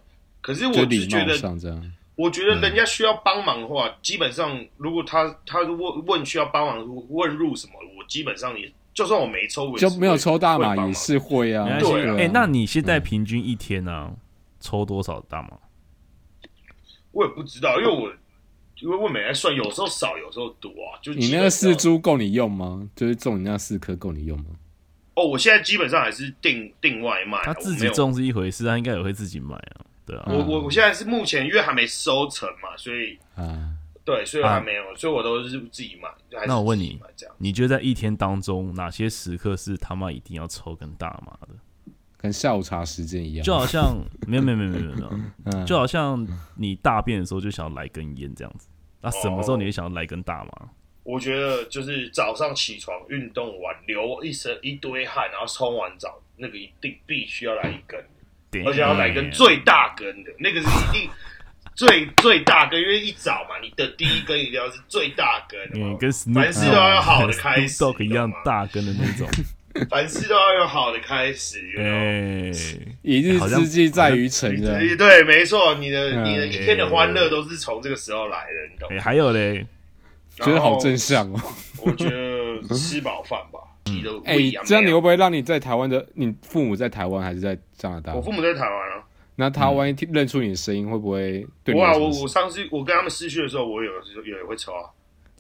可是我是覺得禮貌上這樣。我覺得人家需要幫忙的話，嗯、基本上如果他他問問需要幫忙問入什麼，我基本上也就算我沒抽我，就沒有抽大麻也是會啊。對啊，哎、欸，那你現在平均一天呢、啊嗯，抽多少大麻？我也不知道，因為我、嗯、因為我沒來算，有時候少，有時候多啊。就是你那個四株夠你用嗎？就是種你那四顆夠你用嗎？哦，我現在基本上還是訂訂外賣、啊，他自己種是一回事、啊，他應該也會自己買啊。對嗯、我我我現在是目前因為還沒收成嘛，所以，啊、嗯，對，所以還沒有、嗯，所以我都是自己買，自己買。那我問你，你覺得在一天當中哪些時刻是他媽一定要抽根大麻的？跟下午茶時間一樣？就好像 [LAUGHS] 沒有沒有沒有沒有沒有、嗯，就好像你大便的時候就想要來根煙這樣子。那什麼時候你會想要來根大麻、哦？我覺得就是早上起床運動完，流一身一堆汗，然後沖完澡，那個一定必須要來一根。 [LAUGHS] 而且要來一根最大根的，欸、那個是一定最最，最大根，因為一早嘛，你的第一根一定要是最大根，欸、跟 Snot, 凡事都要有好的開始，啊、Snot, 一樣大根的那種， [LAUGHS] 凡事都要有好的開始，哎、欸，一日之計在於晨，對，沒錯，你的、欸、你的一天的歡樂都是從這個時候來的，你懂嗎、欸？還有嘞，覺得好正向哦，我覺得吃飽飯吧。哎、啊欸，這樣你會不會讓你在台灣的、啊、你父母在台灣還是在加拿大？我父母在台灣啊。那他萬一聽認出你的聲音，會不會對你？我啊，我我上次我跟他們失去的時候，我有時也會抽啊、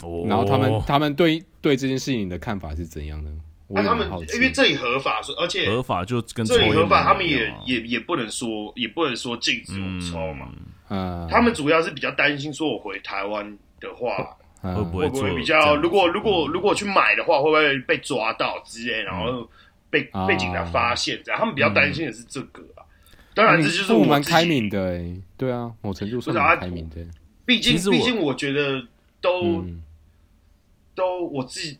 哦。然後他們他們對對這件事情的看法是怎樣的？啊、我他們因為這裡合法，而且合法就跟這裡合法，他們也也也不能說也不能說禁止我抽嘛。嗯、呃。他們主要是比較擔心，說我回台灣的話。會不會，會，不會，會，不會比較？如果如果如果去買的話，會不會被抓到之類，嗯、然後被、啊、被警察發現？這樣他們比較擔心的是這個、啊。嗯、當然，這就是我，開、欸啊我是啊、蠻開明的。對啊，某程度上。蠻開明的。畢竟，畢，畢竟我覺得都、嗯、都我自己，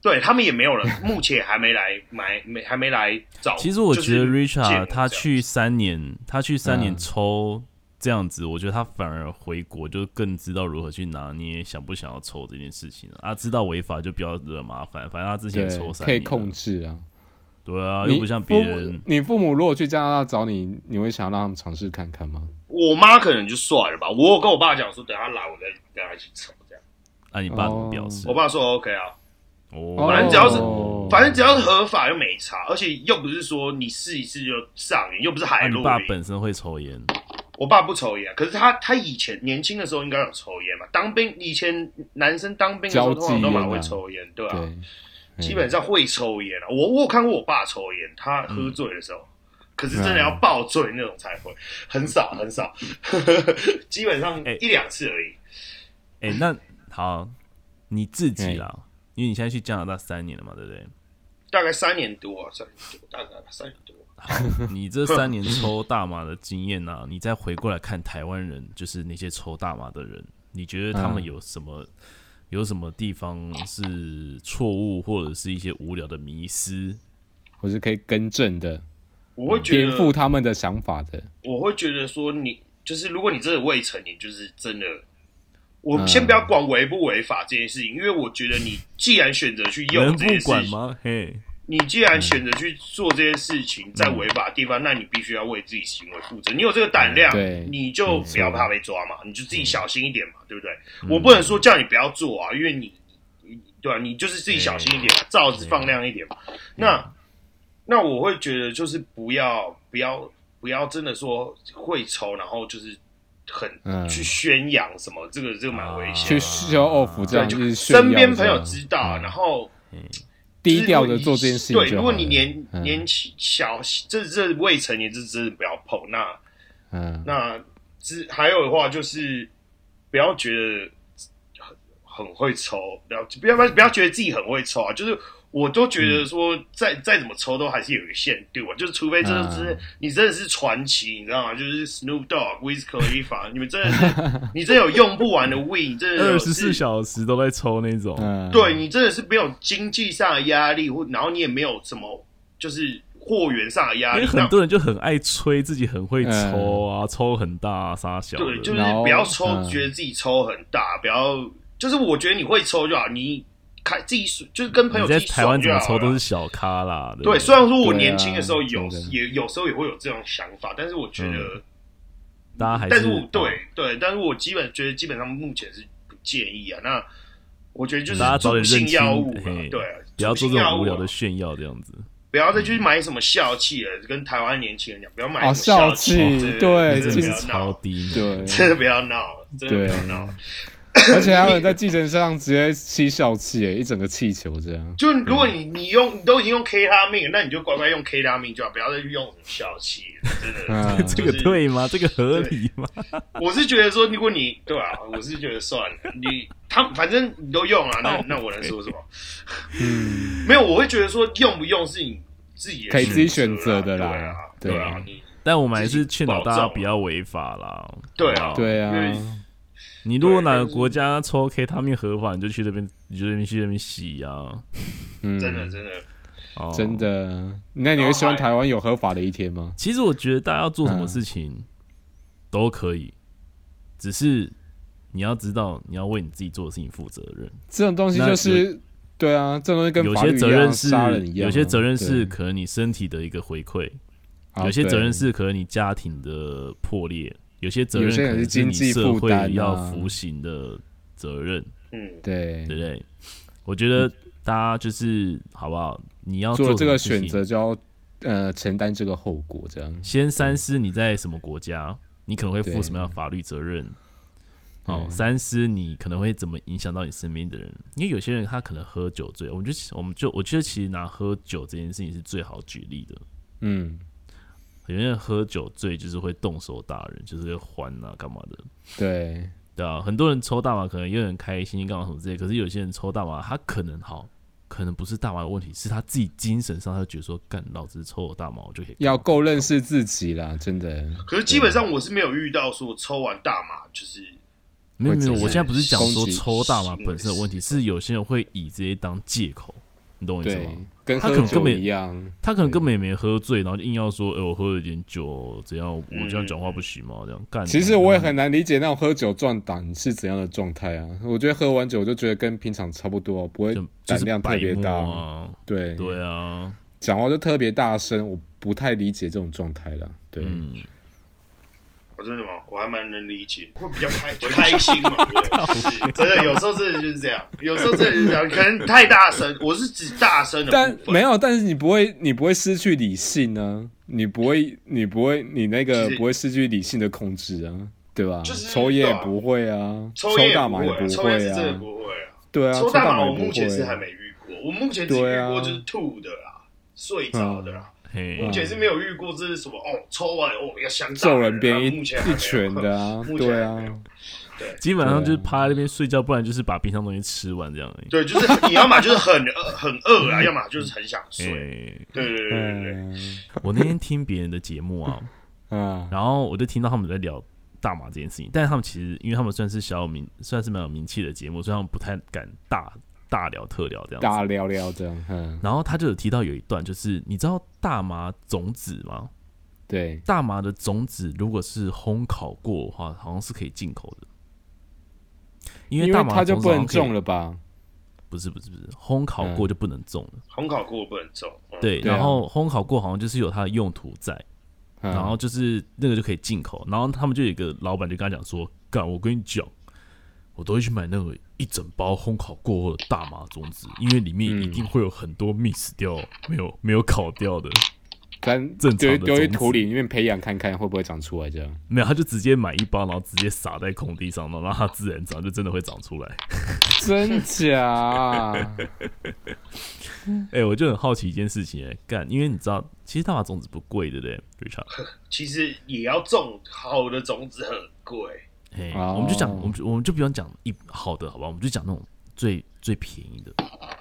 對他們也沒有了，目前還沒來買， [LAUGHS] 沒還沒來找。其實我覺得 Richard 他去三年，他去三年、嗯、抽。這樣子，我覺得他反而回國就更知道如何去拿捏，想不想要抽這件事情了。他、啊、知道違法就不要惹麻煩，反正他之前抽三年可以控制啊。對啊，又不像別人。你父母如果去加拿大找你，你會想讓他們嘗試看看嗎？我媽可能就算了吧。我有跟我爸講說，等他來，我再跟他一起抽這樣。那、啊、你爸怎麼表示？Oh. 我爸說 OK 啊。哦、oh.，反正只要是，oh. 反正只要是合法又沒差，而且又不是說你試一試就上癮，又不是海陸、啊。你爸本身會抽菸。我爸不抽菸、啊，可是他他以前年輕的時候應該有抽菸嘛，當兵以前男生當兵的時候通常都都蠻會抽菸，對吧、啊？基本上會抽菸啊。嗯、我我看過我爸抽菸，他喝醉的時候，嗯、可是真的要爆醉那種才會，很、嗯、少很少，很少嗯、 [LAUGHS] 基本上一兩次而已。哎、欸欸，那好，你自己了、欸，因為你現在去加拿大三年了嘛，對不對？大概三年多，三年多，大概吧，三年多。 [LAUGHS] 你這三年抽大麻的經驗呢、啊？ [LAUGHS] 你再回過來看台灣人，就是那些抽大麻的人，你覺得他們有什麼，嗯、有什麼地方是錯誤，或者是一些無聊的迷思，或是可以更正的？我會顛覆、嗯、他們的想法的。我會覺得說你，你就是如果你真的未成年，就是真的，我先不要管違不違法這件事情、嗯，因為我覺得你既然選擇去用，你不管嗎？嘿。你既然選擇去做這些事情，在違法的地方，嗯、那你必須要為自己行為負責。你有這個膽量、嗯對，你就不要怕被抓嘛、嗯，你就自己小心一點嘛，嗯、對不對、嗯？我不能說叫你不要做啊，因為你，對吧、啊？你就是自己小心一點嘛，罩、欸、子放亮一點嘛。欸、那、嗯、那我會覺得，就是不要不要不要，不要真的說會抽，然後就是很去宣揚什麼，嗯、這個這個蠻危險的。去 show off 這樣，就身邊朋友知道，啊、然後。嗯低調的做這件事情。對，如果你年年輕，小，嗯、這這未成年，這真的不要碰。那，嗯，那只還有的話，就是不要覺得很很會抽，不要不要不要覺得自己很會抽啊，就是。我都覺得說再、嗯，再再怎麼抽都還是有一個限度，對吧？就是除非這、就是、嗯、你真的是傳奇，你知道嗎？就是 Snoop Dogg、Wiz Khalifa，你們真的是，你真的有用不完的 weed，真的二十四小時都在抽那種。嗯，對，你真的是沒有經濟上的壓力，或然後你也沒有什麼就是貨源上的壓力。因為很多人就很愛吹自己很會抽啊，嗯、抽很大、啊、啥小的。對，就是不要抽，嗯、覺得自己抽很大，不要，就是我覺得你會抽就好，你。自己就是跟朋友說，在台灣怎麼抽都是小咖啦，對。對，雖然說我年輕的時候有對對對，也有時候也會有這種想法，但是我覺得、嗯、大家還是。但是我、啊，對對，但是我基本覺得基本上目前是不建議啊。那我覺得就是毒性藥物嘛、欸，對不物、啊，不要做這種無聊的炫耀這樣子。嗯、不要再去買什麼笑氣了，跟台灣年輕人講，不要買什麼笑氣、哦，對，真的超低，對，真的不要鬧，真的不要鬧。真的不要鬧。 [COUGHS] 而且他們在繼承上直接吸笑氣，哎， [COUGHS] 一整個氣球這樣。就如果你、嗯、你用，你都已經用 K 他命，那你就乖乖用 K 他命就好，就不要再去用笑氣，真的。嗯、啊就是，這個對嗎？這個合理嗎？我是覺得說，如果你對啊，我是覺得算了， [LAUGHS] 你他們反正你都用啊， [COUGHS] 那那我能說什麼？嗯， [COUGHS] 沒有，我會覺得說用不用是你自己可以自己選擇的啦，對啊。對啊對對啊，但我們還是勸導大家不要違法啦。對啊，對啊。對啊你如果哪個國家抽 K 他們合法，你就去那邊，你就那邊去那邊洗啊。嗯，真的真的，oh, 真的。那你會希望台灣有合法的一天嗎？Oh, 其實我覺得大家要做什麼事情、啊、都可以，只是你要知道你要為你自己做的事情負責任。這種東西就是，是對啊，這種東西跟法律一樣，有些責任是、啊、有些責任是可能你身體的一個回饋，有些，責任、啊、有些責任是可能你家庭的破裂。有些責任可是經濟、社會要服刑的責任，嗯、啊，對，對不對？我覺得大家就是好不好？你要做，做這個選擇，就要呃承擔這個後果。這樣，先三思：你在什麼國家，你可能會負什麼樣的法律責任？哦、嗯嗯，三思你可能會怎麼影響到你身邊的人？因為有些人他可能喝酒醉，我覺得我們就我覺得其實拿喝酒這件事情是最好舉例的，嗯。裡面喝酒醉，就是會動手打人，就是會還啊幹嘛的。對，對啊，很多人抽大麻可能有點開心，幹嘛什麼之類。可是有些人抽大麻，他可能好，可能不是大麻的問題，是他自己精神上，他就覺得說，幹老子抽我大麻，我就可以。要夠認識自己啦，真的。可是基本上我是沒有遇到說抽完大麻就是。沒有沒有，我現在不是講說抽大麻本身有問題，是有些人會以這些當借口，你懂我意思嗎？對跟他，可跟他可能根本一樣，他可能根本也沒喝醉，然後硬要說，哎、欸，我喝了一點酒，怎樣？我這樣講話不行嗎？這樣幹。其實我也很難理解那種喝酒壯膽是怎樣的狀態啊！嗯、我覺得喝完酒我就覺得跟平常差不多，不會膽量特別大。就就啊、對對啊，講話就特別大聲，我不太理解這種狀態了。對。嗯我真的嗎？我還蠻能理解，會比較開 [LAUGHS] 開心嘛？真的有時候真的就是這樣，有時候真的就是這樣，可能太大聲，我是指大聲。但沒有，但是你不會，你不會失去理性呢、啊？你不會，你不會，你那個不會失去理性的控制啊？是對吧？就是、抽煙不、啊、也也不會啊，抽大麻也不、啊、抽煙是不會啊？對啊，抽大麻我目前是還沒遇過，對啊、我目前只啊。我就是吐的啦，啊、睡着的啦。嗯 Hey, 目前是沒有遇過，這是什麼、嗯、哦，抽完哦要想揍人邊一全、啊、的啊目前，對啊，對，基本上就是趴在那邊睡覺，不然就是把冰箱東西吃完這樣。對，就是 [LAUGHS] 你要嘛就是很很餓啊、嗯，要麼就是很想睡。嗯、對對對對對，對、嗯。我那天聽別人的節目啊，嗯，然後我就聽到他們在聊大麻這件事情，但是他們其實因為他們算是小有名，算是蠻有名氣的節目，所以他們不太敢大。大聊特聊這樣子，大聊聊這樣、嗯。然後他就有提到有一段，就是你知道大麻種子嗎？對，大麻的種子如果是烘烤過的話，好像是可以進口的。因為大麻它就不能種了吧？不是不是不是，烘烤過就不能種了、嗯。烘烤過不能種。對、嗯，然後烘烤過好像就是有它的用途在，然後就是那個就可以進口。然後他們就有一個老闆就跟他講說：“幹，我跟你講。”我都會去買那個一整包烘烤過後的大麻種子，因為裡面一定會有很多 miss 掉，嗯、沒有沒有烤掉的，幹正常的種子，丟一土裡面，培養看看會不會長出來這樣。沒有，他就直接買一包，然後直接撒在空地上，然後讓它自然長，就真的會長出來。真假？哎、 [LAUGHS] [LAUGHS] 欸，我就很好奇一件事情哎、欸，幹，因為你知道，其實大麻種子不貴，對不對？非常。其實也要種好的種子很貴。嘿、欸 oh.，我們就講，我們我們就不用講一好的，好吧？我們就講那種最最便宜的，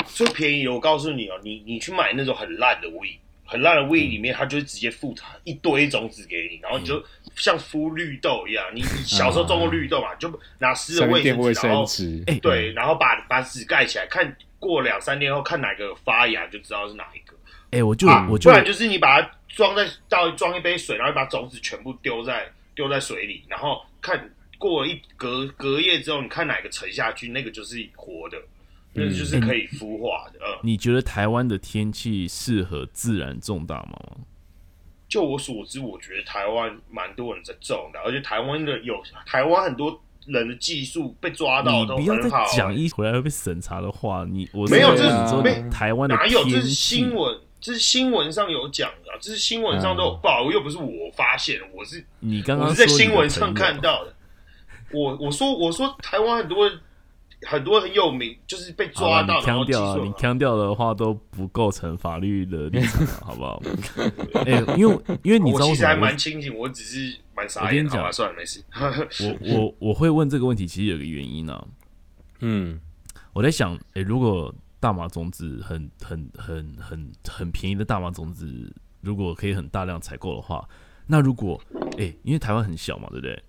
最便宜。我告訴你哦、喔，你你去買那種很爛的 weed，很爛的 weed 裡面，嗯、它就是直接附它一堆種子給你，然後就像敷綠豆一樣，你你小時候種過綠豆啊、嗯，就拿濕的衛生紙、啊，然後哎、欸，對、嗯，然後把把紙蓋起來，看過兩三天後，看哪個發芽，就知道是哪一個。哎、欸，我就、啊、我就不然就是你把它裝在倒裝一杯水，然後把種子全部丟在丟在水裡，然後看。過了一隔隔夜之後，你看哪個沉下去，那個就是活的，那、嗯、個就是可以孵化的，欸你嗯。你覺得台灣的天氣適合自然種大麻嗎？就我所知，我覺得台灣蠻多人在種的，而且台灣的有台灣很多人的技術被抓到都很好，你不要再講一回來會被審查的話。你我沒有，啊，這是沒台灣哪有？這是新聞，這是新聞上有講的，啊，這是新聞上都有報，嗯，又不是我發現，我是你剛剛在新聞上看到的。我我說我說台灣很多很多很有名，就是被抓到然後起訴。你強調、啊啊、的話都不構成法律的，立場， [LAUGHS] 好不吧好？哎、 [LAUGHS] 欸，因為因為你知道我，我其實還蠻清醒，我只是蠻傻眼。我跟你講，算了，沒事。 [LAUGHS] 我我我會問這個問題，其實有個原因啊。嗯，我在想，哎、欸，如果大麻種子很很很很很便宜的大麻種子，如果可以很大量採購的話，那如果哎、欸，因為台灣很小嘛，對不對？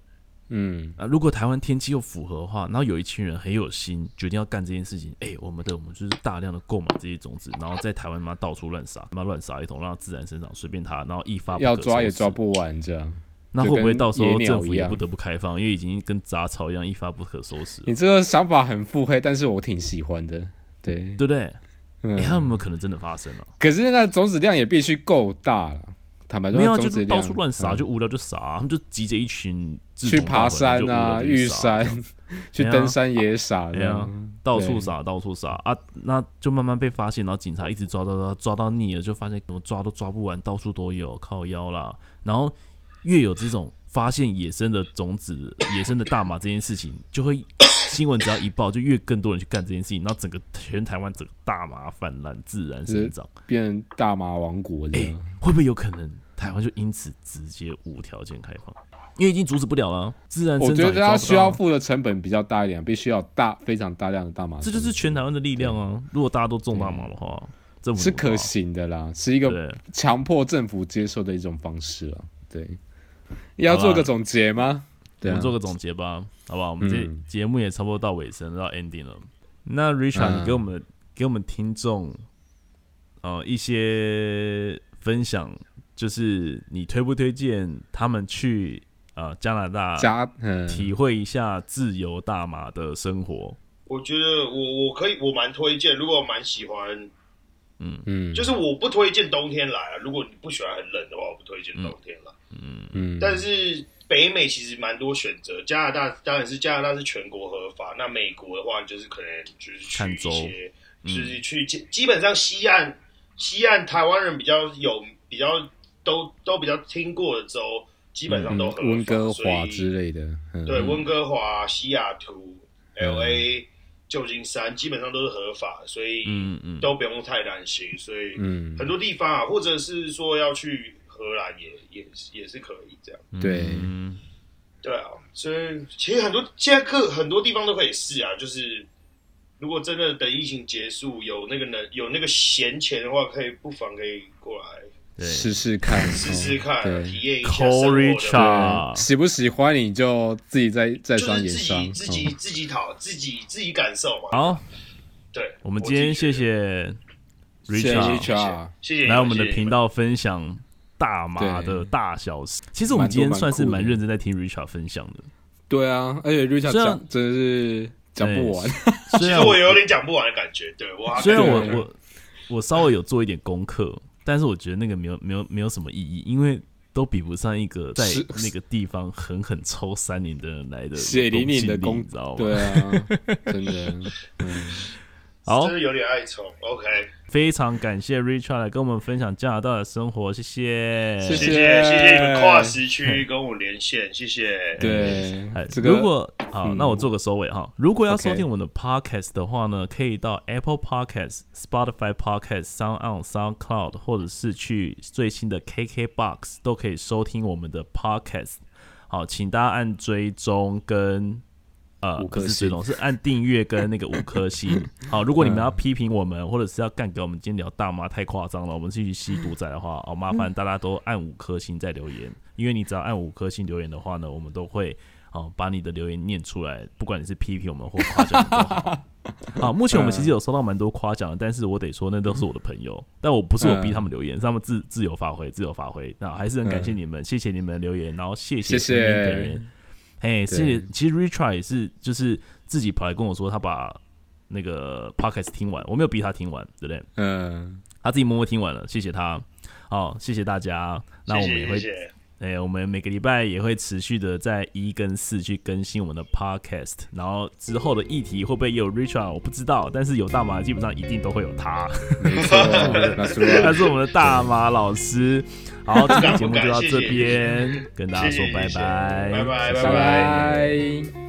嗯啊，如果台灣天氣又符合的話，然後有一群人很有心，決定要幹這件事情。哎、欸，我們的我們就是大量的購買這些種子，然後在台灣嘛到處亂撒，嘛亂撒一通，讓它自然生長，隨便它，然後一發不要抓也抓不完這樣。那會不會到時候政府也不得不開放，因為已經跟雜草一樣，草一，樣一發不可收拾？你這個想法很腹黑，但是我挺喜歡的，對、嗯、對不對？你、嗯、他、欸、有沒有可能真的發生了、啊？可是那在種子量也必須夠大了。坦白說沒有、啊，就是到處亂撒，就無聊就撒、啊嗯，他們就集結一群去爬山啊，玉山去登山也撒，這樣到處撒，到處撒啊，那就慢慢被發現，然後警察一直抓抓抓，抓到膩了，就發現怎麼抓都抓不完，到處都有，靠腰啦，然後越有這種。 [LAUGHS] 發現野生的種子、野生的大麻這件事情，就會新聞只要一報，就越更多人去幹這件事情，然後整個全台灣整個大麻泛濫、自然生長，就是、變成大麻王國這樣。哎、欸，會不會有可能台灣就因此直接無條件開放？因為已經阻止不了了，自然生長。我覺得它需要付的成本比較大一點，必須要大非常大量的大麻。這就是全台灣的力量啊！如果大家都種大麻的話，的話是可行的啦，是一個強迫政府接受的一種方式啊。對。要做個總結嗎？對、啊？我們做個總結吧，好不好？我們這節、嗯、目也差不多到尾聲，到 ending 了。那 Richard、嗯、你給我們給我們聽眾、呃、一些分享，就是你推不推薦他們去呃加拿大體會一下自由大麻的生活？我覺得我我可以，我蠻推薦。如果我蠻喜歡，嗯嗯，就是我不推薦冬天來、啊。如果你不喜歡很冷的話，我不推薦冬天來。嗯嗯嗯，但是北美其實蠻多選擇，加拿大當然是加拿大是全國合法，那美國的話就是可能就是去一些看州，嗯，就是去基本上西岸西岸台灣人比較有比較都都比較聽過的州，基本上都很嗯，溫哥華之類的，嗯、對，溫哥華、西雅圖、嗯、LA、嗯、舊金山基本上都是合法，所以嗯嗯都不用太擔心，所以嗯很多地方啊，或者是說要去。荷蘭也也是也是可以這樣，對、嗯、對啊，所以其實很多現在各很多地方都可以試啊，就是如果真的等疫情結束，有那個能有那個閒錢的話，可以不妨可以過來試試看，試試看，哦、試試看對體驗一下生活、Call、Richard。喜不喜歡你就自己在在上演、就是、自己、嗯、自己自己討自己自己感受嘛。好 [LAUGHS] 對，我們今天謝謝 Richard，謝謝，謝，謝，Richard 謝，謝，謝，謝來謝謝們我們的頻道分享。大麻的大小事，其實我們今天算是蠻認真在聽 Richard 分享的。對啊，而且 Richard 講真的是講不完，其實 [LAUGHS] 我有點講不完的感覺。對我，雖然我我我稍微有做一點功課，但是我覺得那個沒有沒有沒有什麼意義，因為都比不上一個在那個地方狠狠抽三年的人來的血淋淋的功，你知道嗎？對啊，真的。 [LAUGHS] 好，就是有點愛寵。OK，非常感謝 Richard 來跟我們分享加拿大的生活，謝謝，謝謝，謝謝你們跨時區跟我連線，謝謝。對，嗯、如果好、嗯，那我做個收尾哈。如果要收聽我們的 Podcast 的話呢，OK、可以到 Apple Podcast、Spotify Podcast、Sound on SoundCloud，或者是去最新的 KKBox 都可以收聽我們的 Podcast。好，請大家按追蹤跟。呃五顆星，不是這種，是按訂閱跟那個五顆星。好、 [LAUGHS] 啊，如果你們要批評我們，或者是要幹給我們今天聊大媽太誇張了，我們繼續吸毒仔的話，好、啊、麻煩大家都按五顆星再留言、嗯，因為你只要按五顆星留言的話呢，我們都會、啊、把你的留言念出來，不管你是批評我們或誇獎。好、 [LAUGHS] 啊，目前我們其實有收到蠻多誇獎的，但是我得說那都是我的朋友，但我不是我逼他們留言，嗯、是他們自自由發揮，自由發揮。那、啊、還是很感謝你們，嗯、謝謝你們留言，然後謝謝，謝，謝。嗯嘿、hey，是其實 Richard 也是就是自己跑來跟我說，他把那個 podcast 聽完，我沒有逼他聽完，對不對？嗯，他自己默默聽完了，謝謝他，好、oh，謝謝大家謝謝，那我們也會。謝謝。哎、欸，我們每個禮拜也會持續的在一跟四去更新我們的 Podcast，然後之後的議題會不會也有 Richard，我不知道，但是有大馬基本上一定都會有他，沒錯，他 [LAUGHS] [LAUGHS] 是我們的大馬老師。好，今天節目就到這邊， [LAUGHS] 跟大家說拜拜，謝謝拜拜，拜拜，拜拜。